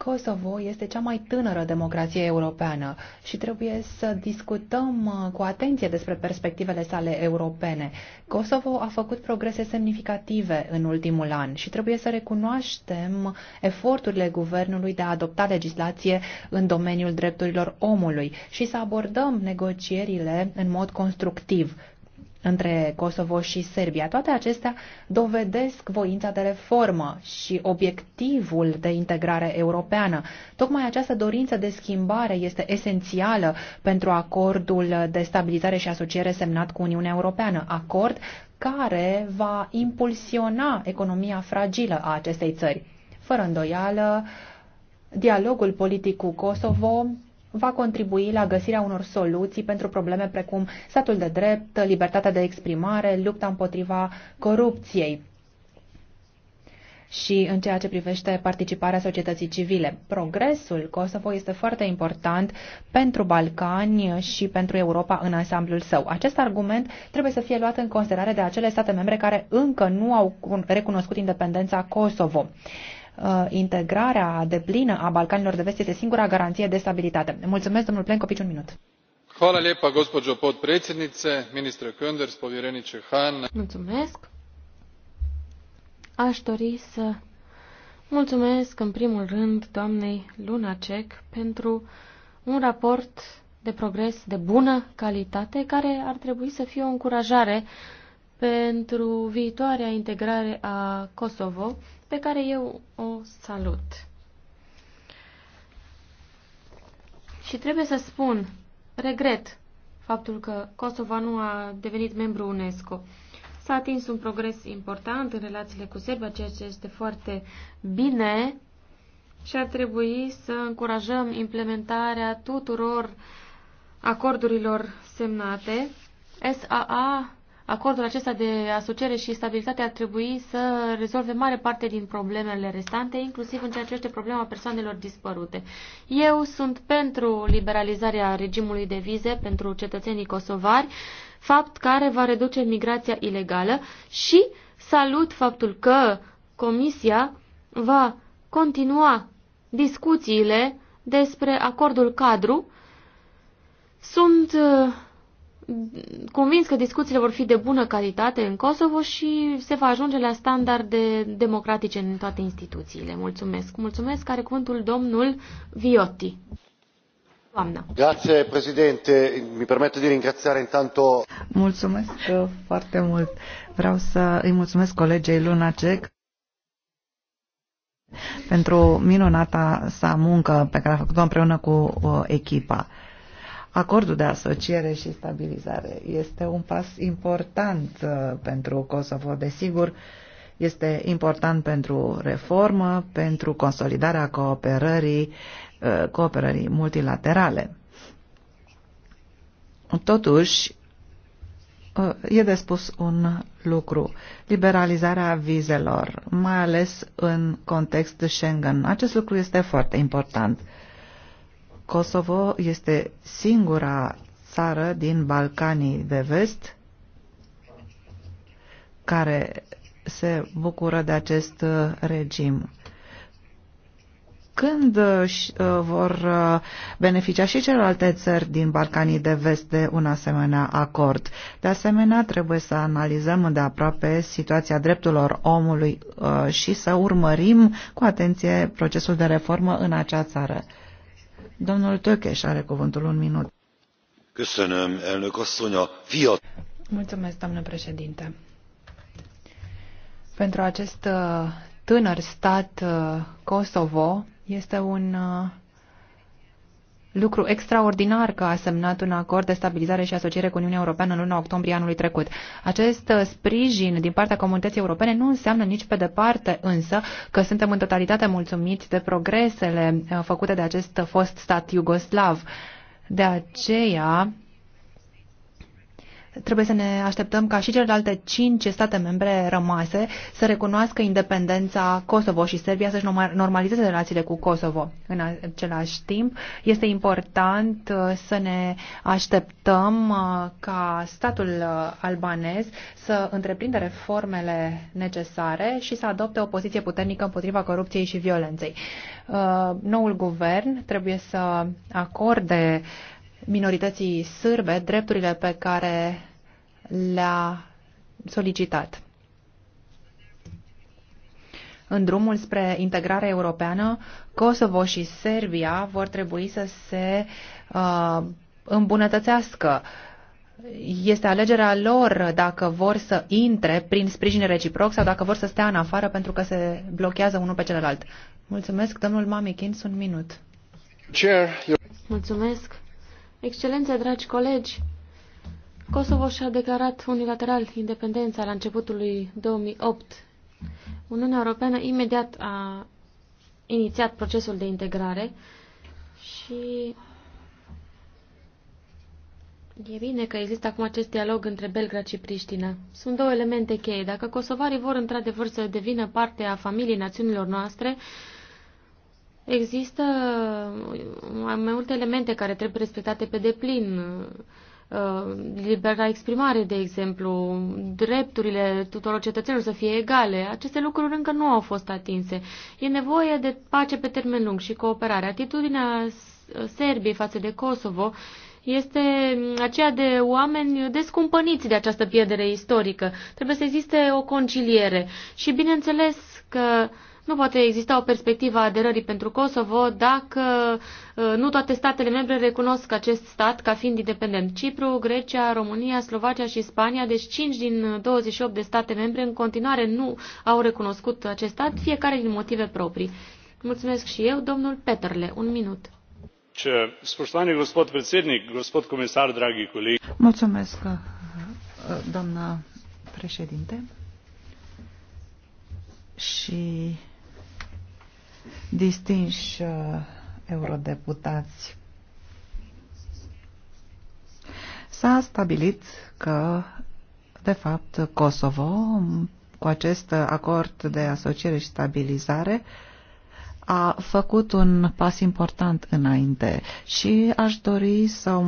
Kosovo este cea mai tânără democrație europeană și trebuie să discutăm uh, cu atenție despre perspectivele sale europene. Kosovo a făcut progrese semnificative în ultimul an și trebuie să recunoaștem eforturile guvernului de a adopta legislație în domeniul drepturilor omului și să abordăm negocierile în mod constructiv între Kosovo și Serbia. Toate acestea dovedesc voința de reformă și obiectivul de integrare europeană. Tocmai această dorință de schimbare este esențială pentru acordul de stabilizare și asociere semnat cu Uniunea Europeană, acord care va impulsiona economia fragilă a acestei țări. Fără îndoială, dialogul politic cu Kosovo va contribui la găsirea unor soluții pentru probleme precum statul de drept, libertatea de exprimare, lupta împotriva corupției și în ceea ce privește participarea societății civile. Progresul Kosovo este foarte important pentru Balcani și pentru Europa în ansamblul său. Acest argument trebuie să fie luat în considerare de acele state membre care încă nu au recunoscut independența Kosovo. Uh, integrarea deplină a Balcanilor de Vest este singura garanție de stabilitate. Mulțumesc, domnul Plenković, un minut. gospođo potpredsjednice ministre Könders, povjereniče Hahn. Mulțumesc. Aș dori să mulțumesc în primul rând doamnei Lunacek pentru un raport de progres de bună calitate care ar trebui să fie o încurajare pentru viitoarea integrare a Kosovo pe care eu o salut. Și trebuie să spun, regret faptul că Kosovo nu a devenit membru UNESCO. S-a atins un progres important în relațiile cu Serbia, ceea ce este foarte bine și ar trebui să încurajăm implementarea tuturor acordurilor semnate. SAA Acordul acesta de asociere și stabilitate ar trebui să rezolve mare parte din problemele restante, inclusiv în ceea ce este problema persoanelor dispărute. Eu sunt pentru liberalizarea regimului de vize pentru cetățenii kosovari, fapt care va reduce migrația ilegală și salut faptul că Comisia va continua discuțiile despre acordul cadru. Sunt uh, convins că discuțiile vor fi de bună calitate în Kosovo și se va ajunge la standarde democratice în toate instituțiile. Mulțumesc. Mulțumesc. Are cuvântul domnul Viotti. Doamna. Grazie, președinte. Mi permette de ringraziare intanto... Mulțumesc foarte mult. Vreau să îi mulțumesc colegei Lunacek pentru minunata sa muncă pe care a făcut-o împreună cu uh, echipa Acordul de asociere și stabilizare este un pas important uh, pentru Kosovo, desigur, este important pentru reformă, pentru consolidarea cooperării, uh, cooperării multilaterale. Totuși, uh, e de spus un lucru. Liberalizarea vizelor, mai ales în context Schengen. Acest lucru este foarte important. Kosovo este singura țară din Balcanii de vest care se bucură de acest uh, regim. Când uh, uh, vor beneficia și celelalte țări din Balcanii de vest de un asemenea acord? De asemenea, trebuie să analizăm îndeaproape situația drepturilor omului și să urmărim cu atenție procesul de reformă în acea țară. Domnul Tökes are cuvântul un minut. Mulțumesc, doamnă președinte. Pentru acest uh, tânăr stat uh, Kosovo este un uh, lucru extraordinar că a semnat un acord de stabilizare și asociere cu Uniunea Europeană în luna octombrie anului trecut. Acest uh, sprijin din partea comunității europene nu înseamnă nici pe departe însă că suntem în totalitate mulțumiți de progresele uh, făcute de acest fost stat iugoslav. De aceea, Trebuie să ne așteptăm ca și celelalte cinci state membre rămase să recunoască independența Kosovo și Serbia să-și normalizeze relațiile cu Kosovo. În același timp, este important uh, să ne așteptăm uh, ca statul uh, albanez să întreprindă reformele necesare și să adopte o poziție puternică împotriva corupției și violenței. Noul guvern trebuie să acorde uh, minorității sârbe drepturile pe care le-a solicitat. În drumul spre integrare europeană, Kosovo și Serbia vor trebui să se uh, îmbunătățească. Este alegerea lor dacă vor să intre prin sprijin reciproc sau dacă vor să stea în afară pentru că se blochează unul pe celălalt. Mulțumesc, domnul Mamikins, un minut. Mulțumesc. Excelențe, dragi colegi, Kosovo și-a declarat unilateral independența la începutul lui 2008. Uniunea Europeană imediat a inițiat procesul de integrare și E bine că există acum acest dialog între Belgrad și Priștina. Sunt două elemente cheie. Dacă kosovarii vor într-adevăr să devină parte a familiei națiunilor noastre, Există uh, mai multe elemente care trebuie respectate pe deplin. Uh, Libera exprimare, de exemplu, drepturile tuturor cetățenilor să fie egale. Aceste lucruri încă nu au fost atinse. E nevoie de pace pe termen lung și cooperare. Atitudinea Serbiei față de Kosovo este aceea de oameni descumpăniți de această pierdere istorică. Trebuie să existe o conciliere. Și bineînțeles că nu poate exista o perspectivă a aderării pentru Kosovo dacă uh, nu toate statele membre recunosc acest stat ca fiind independent. Cipru, Grecia, România, Slovacia și Spania, deci 5 din 28 de state membre în continuare nu au recunoscut acest stat, fiecare din motive proprii. Mulțumesc și eu, domnul Peterle. Un minut. Spoštovani gospod predsednik, gospod comisar, dragi colegi. Mulțumesc, uh, doamna președinte. Și distinși uh, eurodeputați. S-a stabilit că, de fapt, Kosovo, cu acest acord de asociere și stabilizare, uh, a făcut un pas important înainte și aș dori să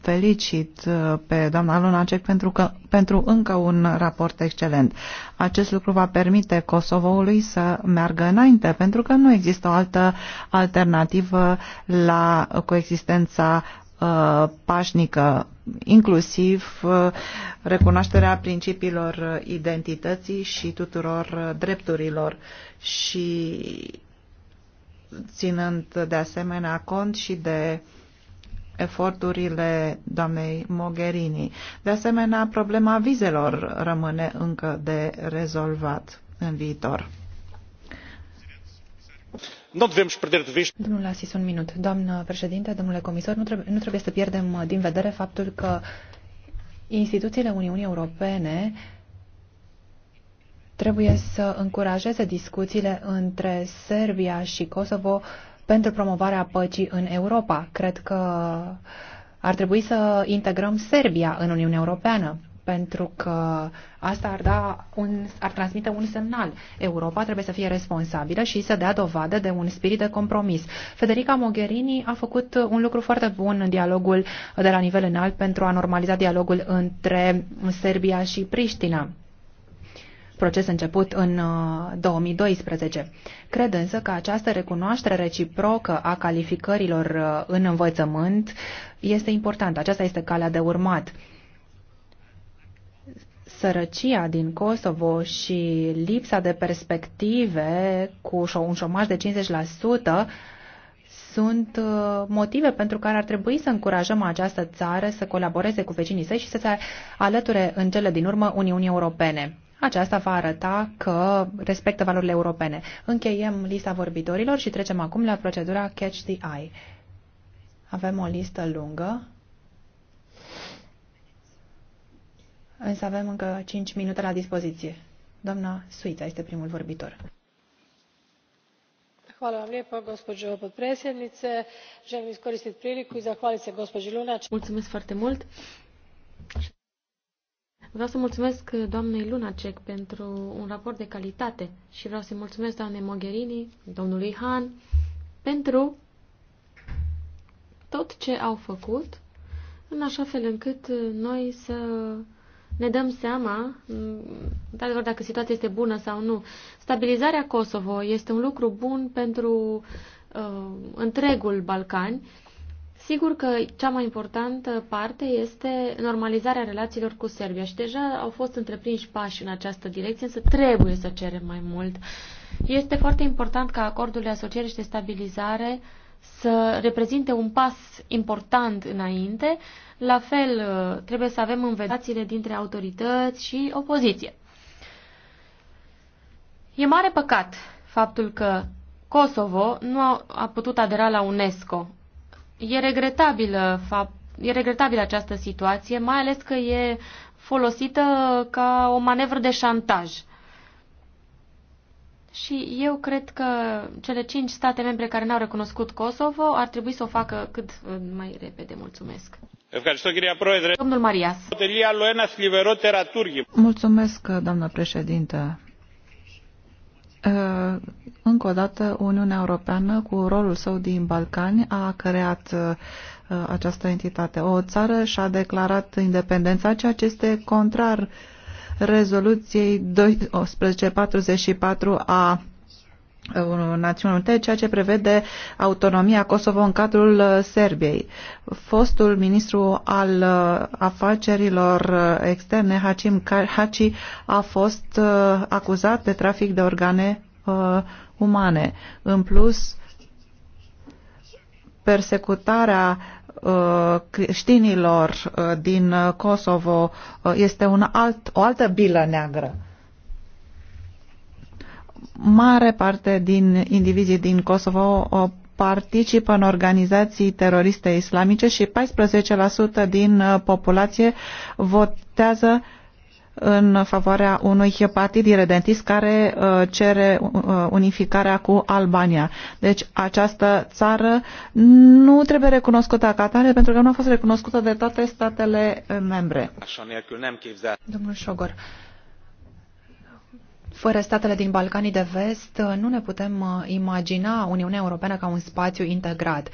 felicit uh, pe doamna Lunacek pentru, că, pentru încă un raport excelent. Acest lucru va permite Kosovoului să meargă înainte, pentru că nu există o altă alternativă la coexistența uh, pașnică, inclusiv uh, recunoașterea principiilor identității și tuturor drepturilor și ținând de asemenea cont și de eforturile doamnei Mogherini. De asemenea, problema vizelor rămâne încă de rezolvat în viitor. Domnul Asis, un minut. Doamnă președinte, domnule comisar, nu trebuie, nu trebuie să pierdem uh, din vedere faptul că instituțiile Uniunii Europene uh, trebuie să încurajeze discuțiile între Serbia și Kosovo pentru promovarea păcii în Europa. Cred că ar trebui să integrăm Serbia în Uniunea Europeană pentru că asta ar, da un, ar transmite un semnal. Europa trebuie să fie responsabilă și să dea dovadă de un spirit de compromis. Federica Mogherini a făcut un lucru foarte bun în dialogul de la nivel înalt pentru a normaliza dialogul între Serbia și Priștina proces început în 2012. Uh, Cred însă că această recunoaștere reciprocă a calificărilor uh, în învățământ este importantă. Aceasta este calea de urmat sărăcia din Kosovo și lipsa de perspective cu un șomaj de 50% sunt uh, motive pentru care ar trebui să încurajăm această țară să colaboreze cu vecinii săi și să se alăture în cele din urmă Uniunii Europene. Aceasta va arăta că respectă valorile europene. Încheiem lista vorbitorilor și trecem acum la procedura Catch the Eye. Avem o listă lungă, însă avem încă 5 minute la dispoziție. Doamna Suița este primul vorbitor gospođo potpredsjednice želim iskoristiti priliku i zahvaliti se gospođi Vreau să mulțumesc doamnei Lunacek pentru un raport de calitate și vreau să-i mulțumesc doamnei Mogherini, domnului Han, pentru tot ce au făcut, în așa fel încât noi să ne dăm seama, într-adevăr, dacă situația este bună sau nu. Stabilizarea Kosovo este un lucru bun pentru uh, întregul Balcani Sigur că cea mai importantă parte este normalizarea relațiilor cu Serbia și deja au fost întreprinși pași în această direcție, însă trebuie să cerem mai mult. Este foarte important ca acordul de asociere și de stabilizare să reprezinte un pas important înainte. La fel, trebuie să avem învețațiile dintre autorități și opoziție. E mare păcat faptul că Kosovo nu a putut adera la UNESCO E regretabilă, fapt, e regretabilă această situație, mai ales că e folosită ca o manevră de șantaj. Și eu cred că cele cinci state membre care n-au recunoscut Kosovo ar trebui să o facă cât mai repede. Mulțumesc. Domnul Marias. Mulțumesc, doamnă președintă. Uh, încă o dată, Uniunea Europeană, cu rolul său din Balcani, a creat uh, uh, această entitate. O țară și-a declarat independența, ceea ce este contrar rezoluției 1244 a Uh, națiunilor ceea ce prevede autonomia Kosovo în cadrul uh, Serbiei. Fostul ministru al uh, afacerilor externe, Hacim Haci, a fost acuzat de trafic de organe umane. În plus, persecutarea creștinilor din Kosovo este un alt, o altă bilă neagră mare parte din indivizii din Kosovo participă în organizații teroriste islamice și 14% din uh, populație votează în favoarea unui partid iredentist care uh, cere uh, unificarea cu Albania. Deci această țară nu trebuie recunoscută ca atare pentru că nu a fost recunoscută de toate statele membre. Domnul Șogor, fără statele din Balcanii de Vest, nu ne putem uh, imagina Uniunea Europeană ca un spațiu integrat.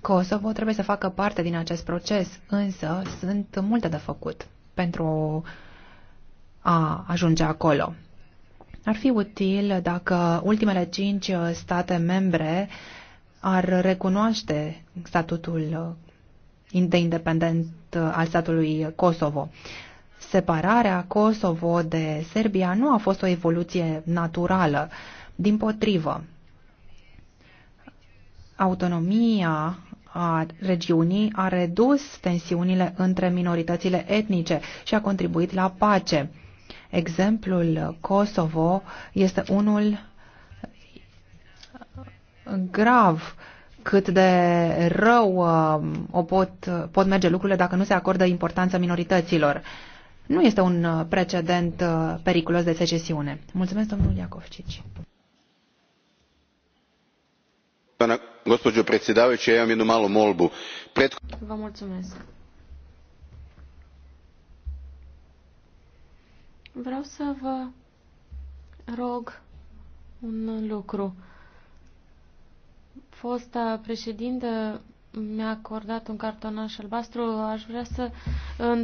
Kosovo trebuie să facă parte din acest proces, însă sunt multe de făcut pentru a ajunge acolo. Ar fi util dacă ultimele cinci state membre ar recunoaște statutul de independent al statului Kosovo separarea Kosovo de Serbia nu a fost o evoluție naturală. Din potrivă, autonomia a regiunii a redus tensiunile între minoritățile etnice și a contribuit la pace. Exemplul Kosovo este unul grav cât de rău uh, o pot, pot merge lucrurile dacă nu se acordă importanță minorităților nu este un uh, precedent uh, periculos de secesiune. Mulțumesc, domnul Iacovcici. Gospođo predsjedavajuća, imam jednu malu molbu. Pret... Vă mulțumesc. Vreau să vă rog un lucru. Fosta președintă mi-a acordat un cartonaș albastru. Aș vrea să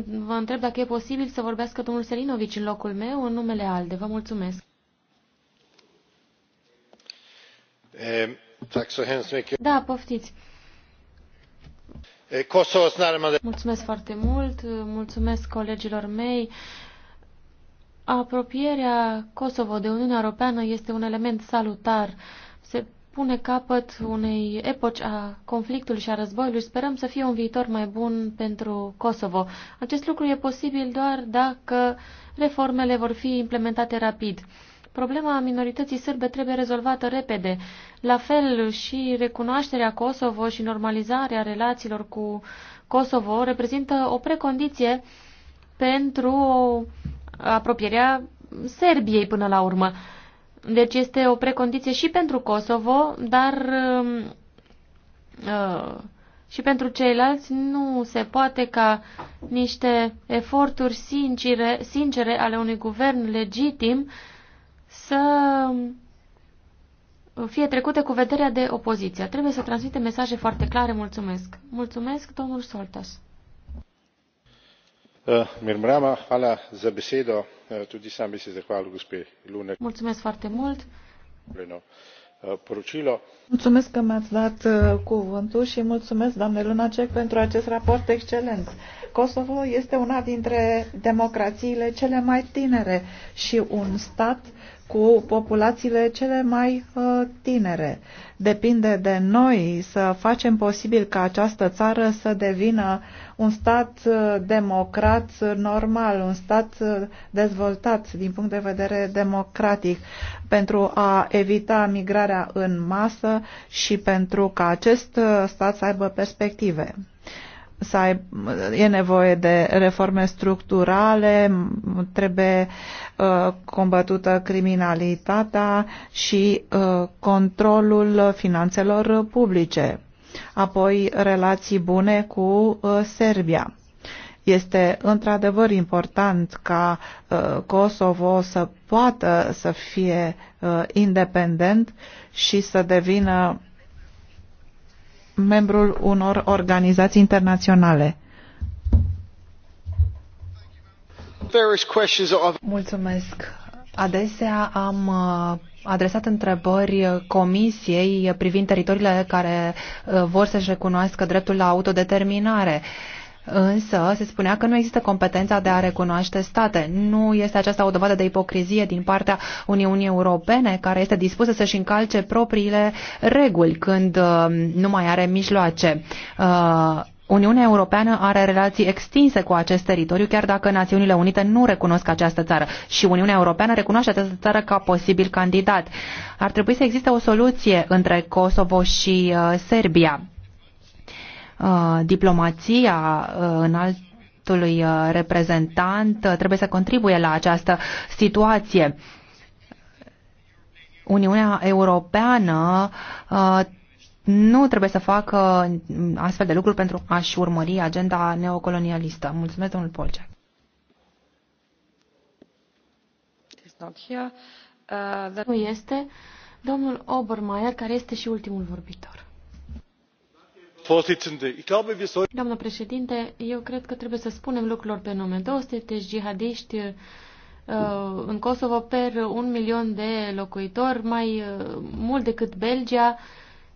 vă întreb dacă e posibil să vorbească domnul Selinovici în locul meu, în numele ALDE. Vă mulțumesc. Eh, da, poftiți. Eh, mulțumesc foarte mult, mulțumesc colegilor mei. Apropierea Kosovo de Uniunea Europeană este un element salutar. Se pune capăt unei epoci a conflictului și a războiului. Sperăm să fie un viitor mai bun pentru Kosovo. Acest lucru e posibil doar dacă reformele vor fi implementate rapid. Problema minorității sârbe trebuie rezolvată repede. La fel și recunoașterea Kosovo și normalizarea relațiilor cu Kosovo reprezintă o precondiție pentru apropierea Serbiei până la urmă. Deci este o precondiție și pentru Kosovo, dar um, uh, și pentru ceilalți nu se poate ca niște eforturi sincere, sincere ale unui guvern legitim să fie trecute cu vederea de opoziția. Trebuie să transmitem mesaje foarte clare. Mulțumesc. Mulțumesc, domnul Soltas. Eh, eh, mulțumesc foarte mult eh, mulțumesc că mi ați dat cuvântul și mulțumesc doamnei lunacek pentru acest raport excelent. kosovo este una dintre democrațiile cele mai tinere și un stat cu populațiile cele mai uh, tinere. Depinde de noi să facem posibil ca această țară să devină un stat uh, democrat uh, normal, un stat dezvoltat din punct de vedere democratic, pentru a evita migrarea în masă și pentru ca acest stat să aibă perspective să ai, e nevoie de reforme structurale, trebuie uh, combătută criminalitatea și uh, controlul finanțelor publice, apoi relații bune cu uh, Serbia. Este într-adevăr important ca uh, Kosovo să poată să fie uh, independent și să devină membrul unor organizații internaționale. Mulțumesc. Adesea am uh, adresat întrebări comisiei privind teritoriile care uh, vor să-și recunoască dreptul la autodeterminare. Însă se spunea că nu există competența de a recunoaște state. Nu este aceasta o dovadă de ipocrizie din partea Uniunii Europene, care este dispusă să-și încalce propriile reguli când uh, nu mai are mijloace. Uh, Uniunea Europeană are relații extinse cu acest teritoriu, chiar dacă Națiunile Unite nu recunosc această țară și Uniunea Europeană recunoaște această țară ca posibil candidat. Ar trebui să existe o soluție între Kosovo și uh, Serbia Uh, diplomația uh, înaltului uh, reprezentant trebuie să contribuie la această situație. Uniunea Europeană nu trebuie să facă mm, astfel de lucruri pentru a-și urmări agenda neocolonialistă. Mulțumesc, domnul Polcea. Nu este domnul Obermeier, care este și ultimul vorbitor. Doamnă președinte, eu cred că trebuie să spunem lucrurilor pe nume. 200 de jihadiști uh, în Kosovo per un milion de locuitori, mai uh, mult decât Belgia.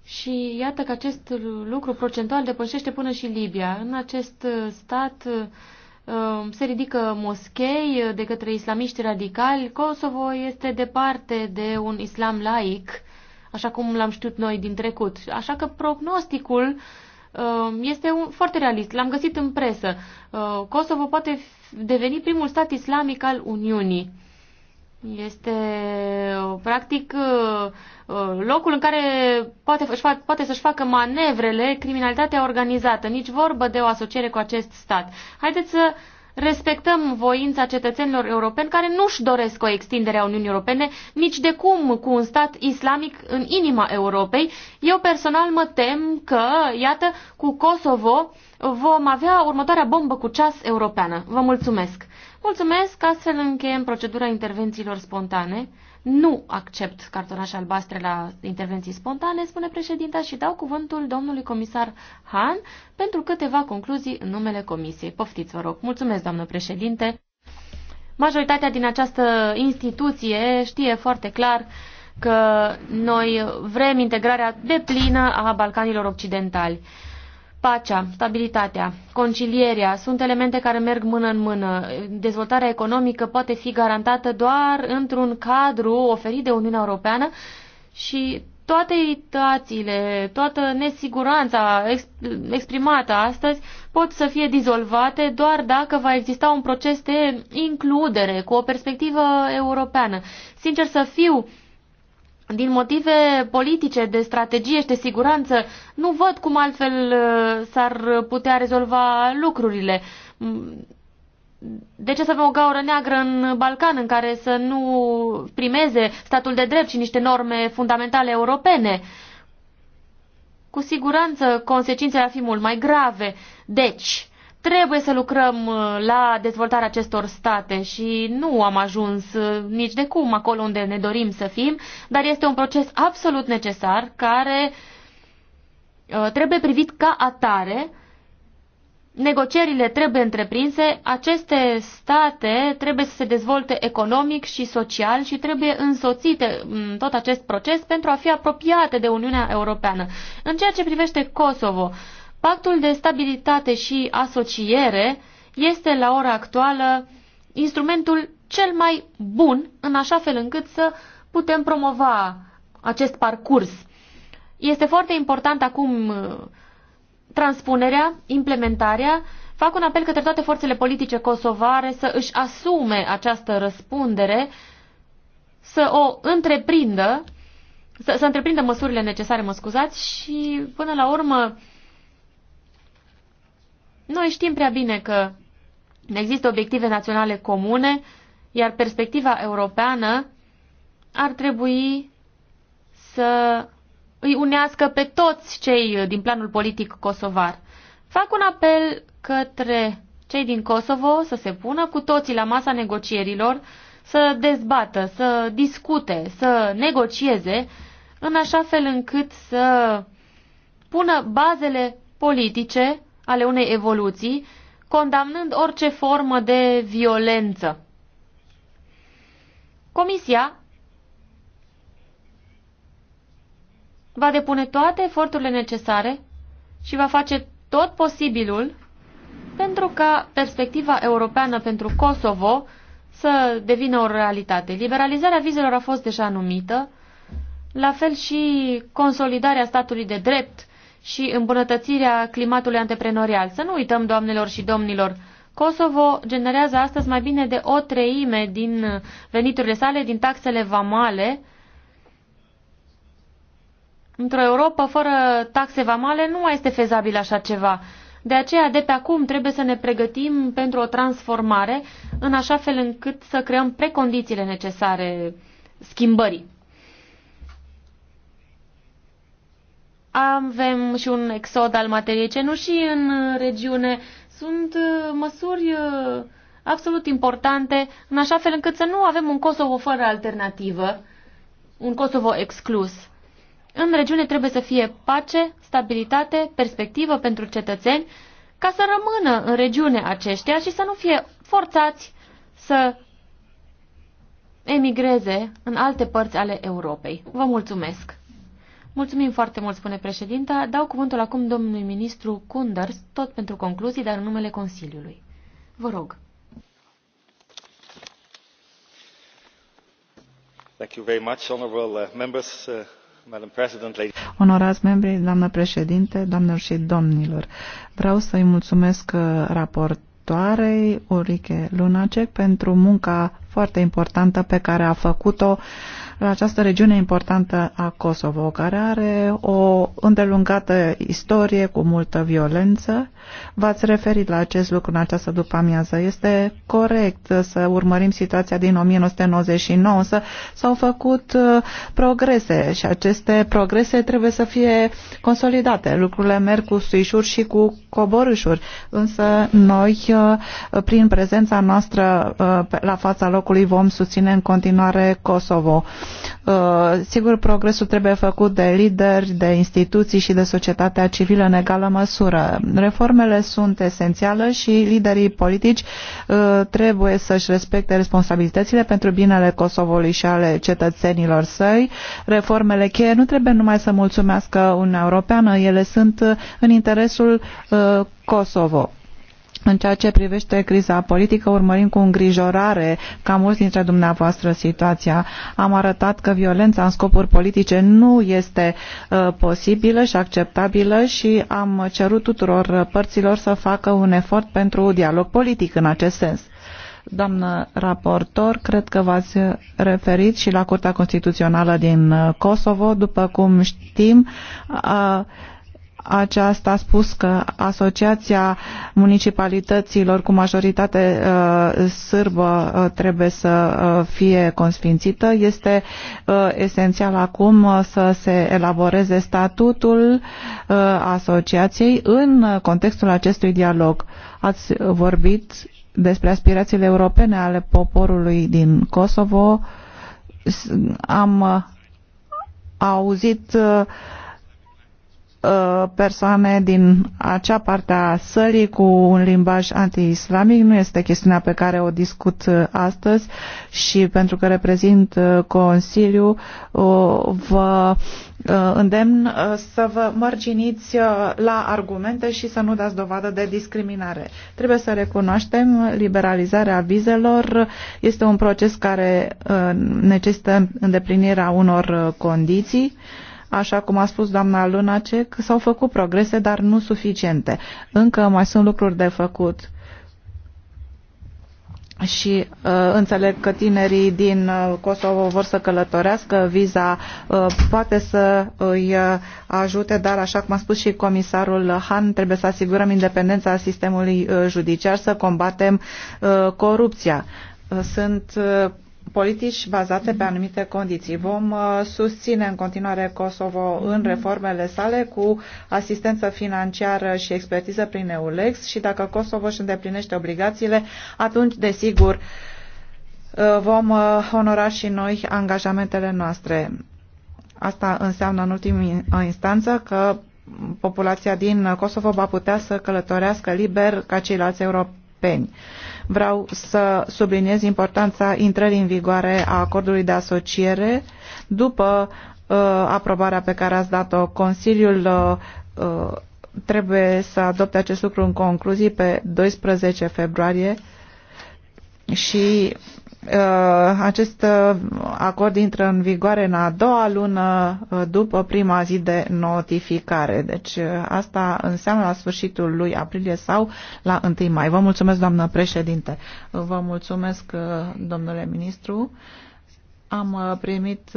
Și iată că acest lucru procentual depășește până și Libia. În acest uh, stat se ridică moschei de către islamiști radicali. Kosovo este departe de un islam laic așa cum l-am știut noi din trecut. Așa că prognosticul um, este un, foarte realist. L-am găsit în presă. Uh, Kosovo poate deveni primul stat islamic al Uniunii. Este uh, practic uh, locul în care poate, poate să-și facă manevrele criminalitatea organizată. Nici vorbă de o asociere cu acest stat. Haideți să respectăm voința cetățenilor europeni care nu-și doresc o extindere a Uniunii Europene, nici de cum cu un stat islamic în inima Europei. Eu personal mă tem că, iată, cu Kosovo vom avea următoarea bombă cu ceas europeană. Vă mulțumesc! Mulțumesc, astfel încheiem procedura intervențiilor spontane. Nu accept cartonașe albastre la intervenții spontane, spune președinta și dau cuvântul domnului comisar Han pentru câteva concluzii în numele comisiei. Poftiți, vă rog. Mulțumesc, doamnă președinte. Majoritatea din această instituție știe foarte clar că noi vrem integrarea deplină a Balcanilor Occidentali. Pacea, stabilitatea, concilierea sunt elemente care merg mână în mână. Dezvoltarea economică poate fi garantată doar într-un cadru oferit de Uniunea Europeană și toate iritațiile, toată nesiguranța exprimată astăzi pot să fie dizolvate doar dacă va exista un proces de includere cu o perspectivă europeană. Sincer să fiu, din motive politice, de strategie și de siguranță, nu văd cum altfel uh, s-ar putea rezolva lucrurile. Mm, de ce să avem o gaură neagră în Balcan în care să nu primeze statul de drept și niște norme fundamentale europene? Cu siguranță consecințele ar fi mult mai grave. Deci, Trebuie să lucrăm uh, la dezvoltarea acestor state și nu am ajuns uh, nici de cum acolo unde ne dorim să fim, dar este un proces absolut necesar care uh, trebuie privit ca atare. Negocierile trebuie întreprinse, aceste state trebuie să se dezvolte economic și social și trebuie însoțite în mm, tot acest proces pentru a fi apropiate de Uniunea Europeană. În ceea ce privește Kosovo, uh, Pactul de stabilitate și asociere este la ora actuală instrumentul cel mai bun în așa fel încât să putem promova acest parcurs. Este foarte important acum uh, transpunerea, implementarea. Fac un apel către toate forțele politice kosovare să își asume această răspundere, să o întreprindă, să, să întreprindă măsurile necesare, mă scuzați, și până la urmă noi știm prea bine că există obiective naționale comune, iar perspectiva europeană ar trebui să îi unească pe toți cei din planul politic kosovar. Fac un apel către cei din Kosovo să se pună cu toții la masa negocierilor, să dezbată, să discute, să negocieze, în așa fel încât să pună bazele politice ale unei evoluții, condamnând orice formă de violență. Comisia va depune toate eforturile necesare și va face tot posibilul pentru ca perspectiva europeană pentru Kosovo să devină o realitate. Liberalizarea vizelor a fost deja numită, la fel și consolidarea statului de drept și îmbunătățirea climatului antreprenorial. Să nu uităm, doamnelor și domnilor, Kosovo generează astăzi mai bine de o treime din veniturile sale, din taxele vamale. Într-o Europa fără taxe vamale nu mai este fezabil așa ceva. De aceea, de pe acum, trebuie să ne pregătim pentru o transformare în așa fel încât să creăm precondițiile necesare schimbării. Avem și un exod al materiei cenușii în uh, regiune. Sunt uh, măsuri uh, absolut importante, în așa fel încât să nu avem un Kosovo fără alternativă, un Kosovo exclus. În regiune trebuie să fie pace, stabilitate, perspectivă pentru cetățeni, ca să rămână în regiune aceștia și să nu fie forțați să emigreze în alte părți ale Europei. Vă mulțumesc! Mulțumim foarte mult, spune președinta. Dau cuvântul acum domnului ministru Kunders, tot pentru concluzii, dar în numele Consiliului. Vă rog. Thank you very much, honorable uh, members, uh, Madam President, ladies. Onorați membri, doamnă președinte, doamnelor și domnilor, vreau să-i mulțumesc raport uh, raportoarei Ulrike Lunacek pentru munca foarte importantă pe care a făcut-o uh, la această regiune importantă a Kosovo, care are o îndelungată istorie cu multă violență. V-ați referit la acest lucru în această după-amiază. Este corect să urmărim situația din 1999, să s-au făcut uh, progrese și aceste progrese trebuie să fie consolidate. Lucrurile merg cu suișuri și cu coborâșuri, însă noi, uh, prin prezența noastră uh, la fața locului, vom susține în continuare Kosovo. Uh, sigur, progresul trebuie făcut de lideri, de instituții și de societatea civilă în egală măsură. Reformele sunt esențiale și liderii politici uh, trebuie să-și respecte responsabilitățile pentru binele Kosovului și ale cetățenilor săi. Reformele cheie nu trebuie numai să mulțumească Uniunea Europeană, ele sunt în interesul uh, Kosovo în ceea ce privește criza politică, urmărim cu îngrijorare ca mulți dintre dumneavoastră situația. Am arătat că violența în scopuri politice nu este uh, posibilă și acceptabilă și am cerut tuturor părților să facă un efort pentru dialog politic în acest sens. Doamnă raportor, cred că v-ați referit și la Curtea Constituțională din uh, Kosovo. După cum știm, uh, aceasta a spus că Asociația Municipalităților cu majoritate uh, sârbă uh, trebuie să uh, fie consfințită. Este uh, esențial acum uh, să se elaboreze statutul uh, asociației în contextul acestui dialog. Ați vorbit despre aspirațiile europene ale poporului din Kosovo. Am uh, auzit uh, Uh, persoane din acea parte a sării cu un limbaj anti-islamic. Nu este chestiunea pe care o discut uh, astăzi și pentru că reprezint uh, Consiliu, vă îndemn să vă mărginiți la argumente și să nu dați dovadă de discriminare. Trebuie să recunoaștem liberalizarea vizelor este un proces care necesită îndeplinirea unor condiții. Așa cum a spus doamna Lunacek, s-au făcut progrese, dar nu suficiente. Încă mai sunt lucruri de făcut și uh, înțeleg că tinerii din uh, Kosovo vor să călătorească, viza uh, poate să îi uh, ajute, dar așa cum a spus și comisarul Han, trebuie să asigurăm independența sistemului uh, judiciar, să combatem uh, corupția. Uh, sunt uh, politici bazate pe anumite condiții. Vom uh, susține în continuare Kosovo în reformele sale cu asistență financiară și expertiză prin EULEX și dacă Kosovo își îndeplinește obligațiile, atunci, desigur, uh, vom uh, onora și noi angajamentele noastre. Asta înseamnă în ultimă instanță că populația din Kosovo va putea să călătorească liber ca ceilalți europeni. Vreau să subliniez importanța intrării în vigoare a acordului de asociere după uh, aprobarea pe care ați dat-o. Consiliul uh, uh trebuie să adopte acest lucru în concluzii pe 12 februarie și Uh, acest uh, acord intră în vigoare în a doua lună uh, după prima zi de notificare. Deci asta înseamnă la sfârșitul lui aprilie sau la 1 mai. Vă mulțumesc, doamnă președinte. Vă mulțumesc, domnule ministru. Am primit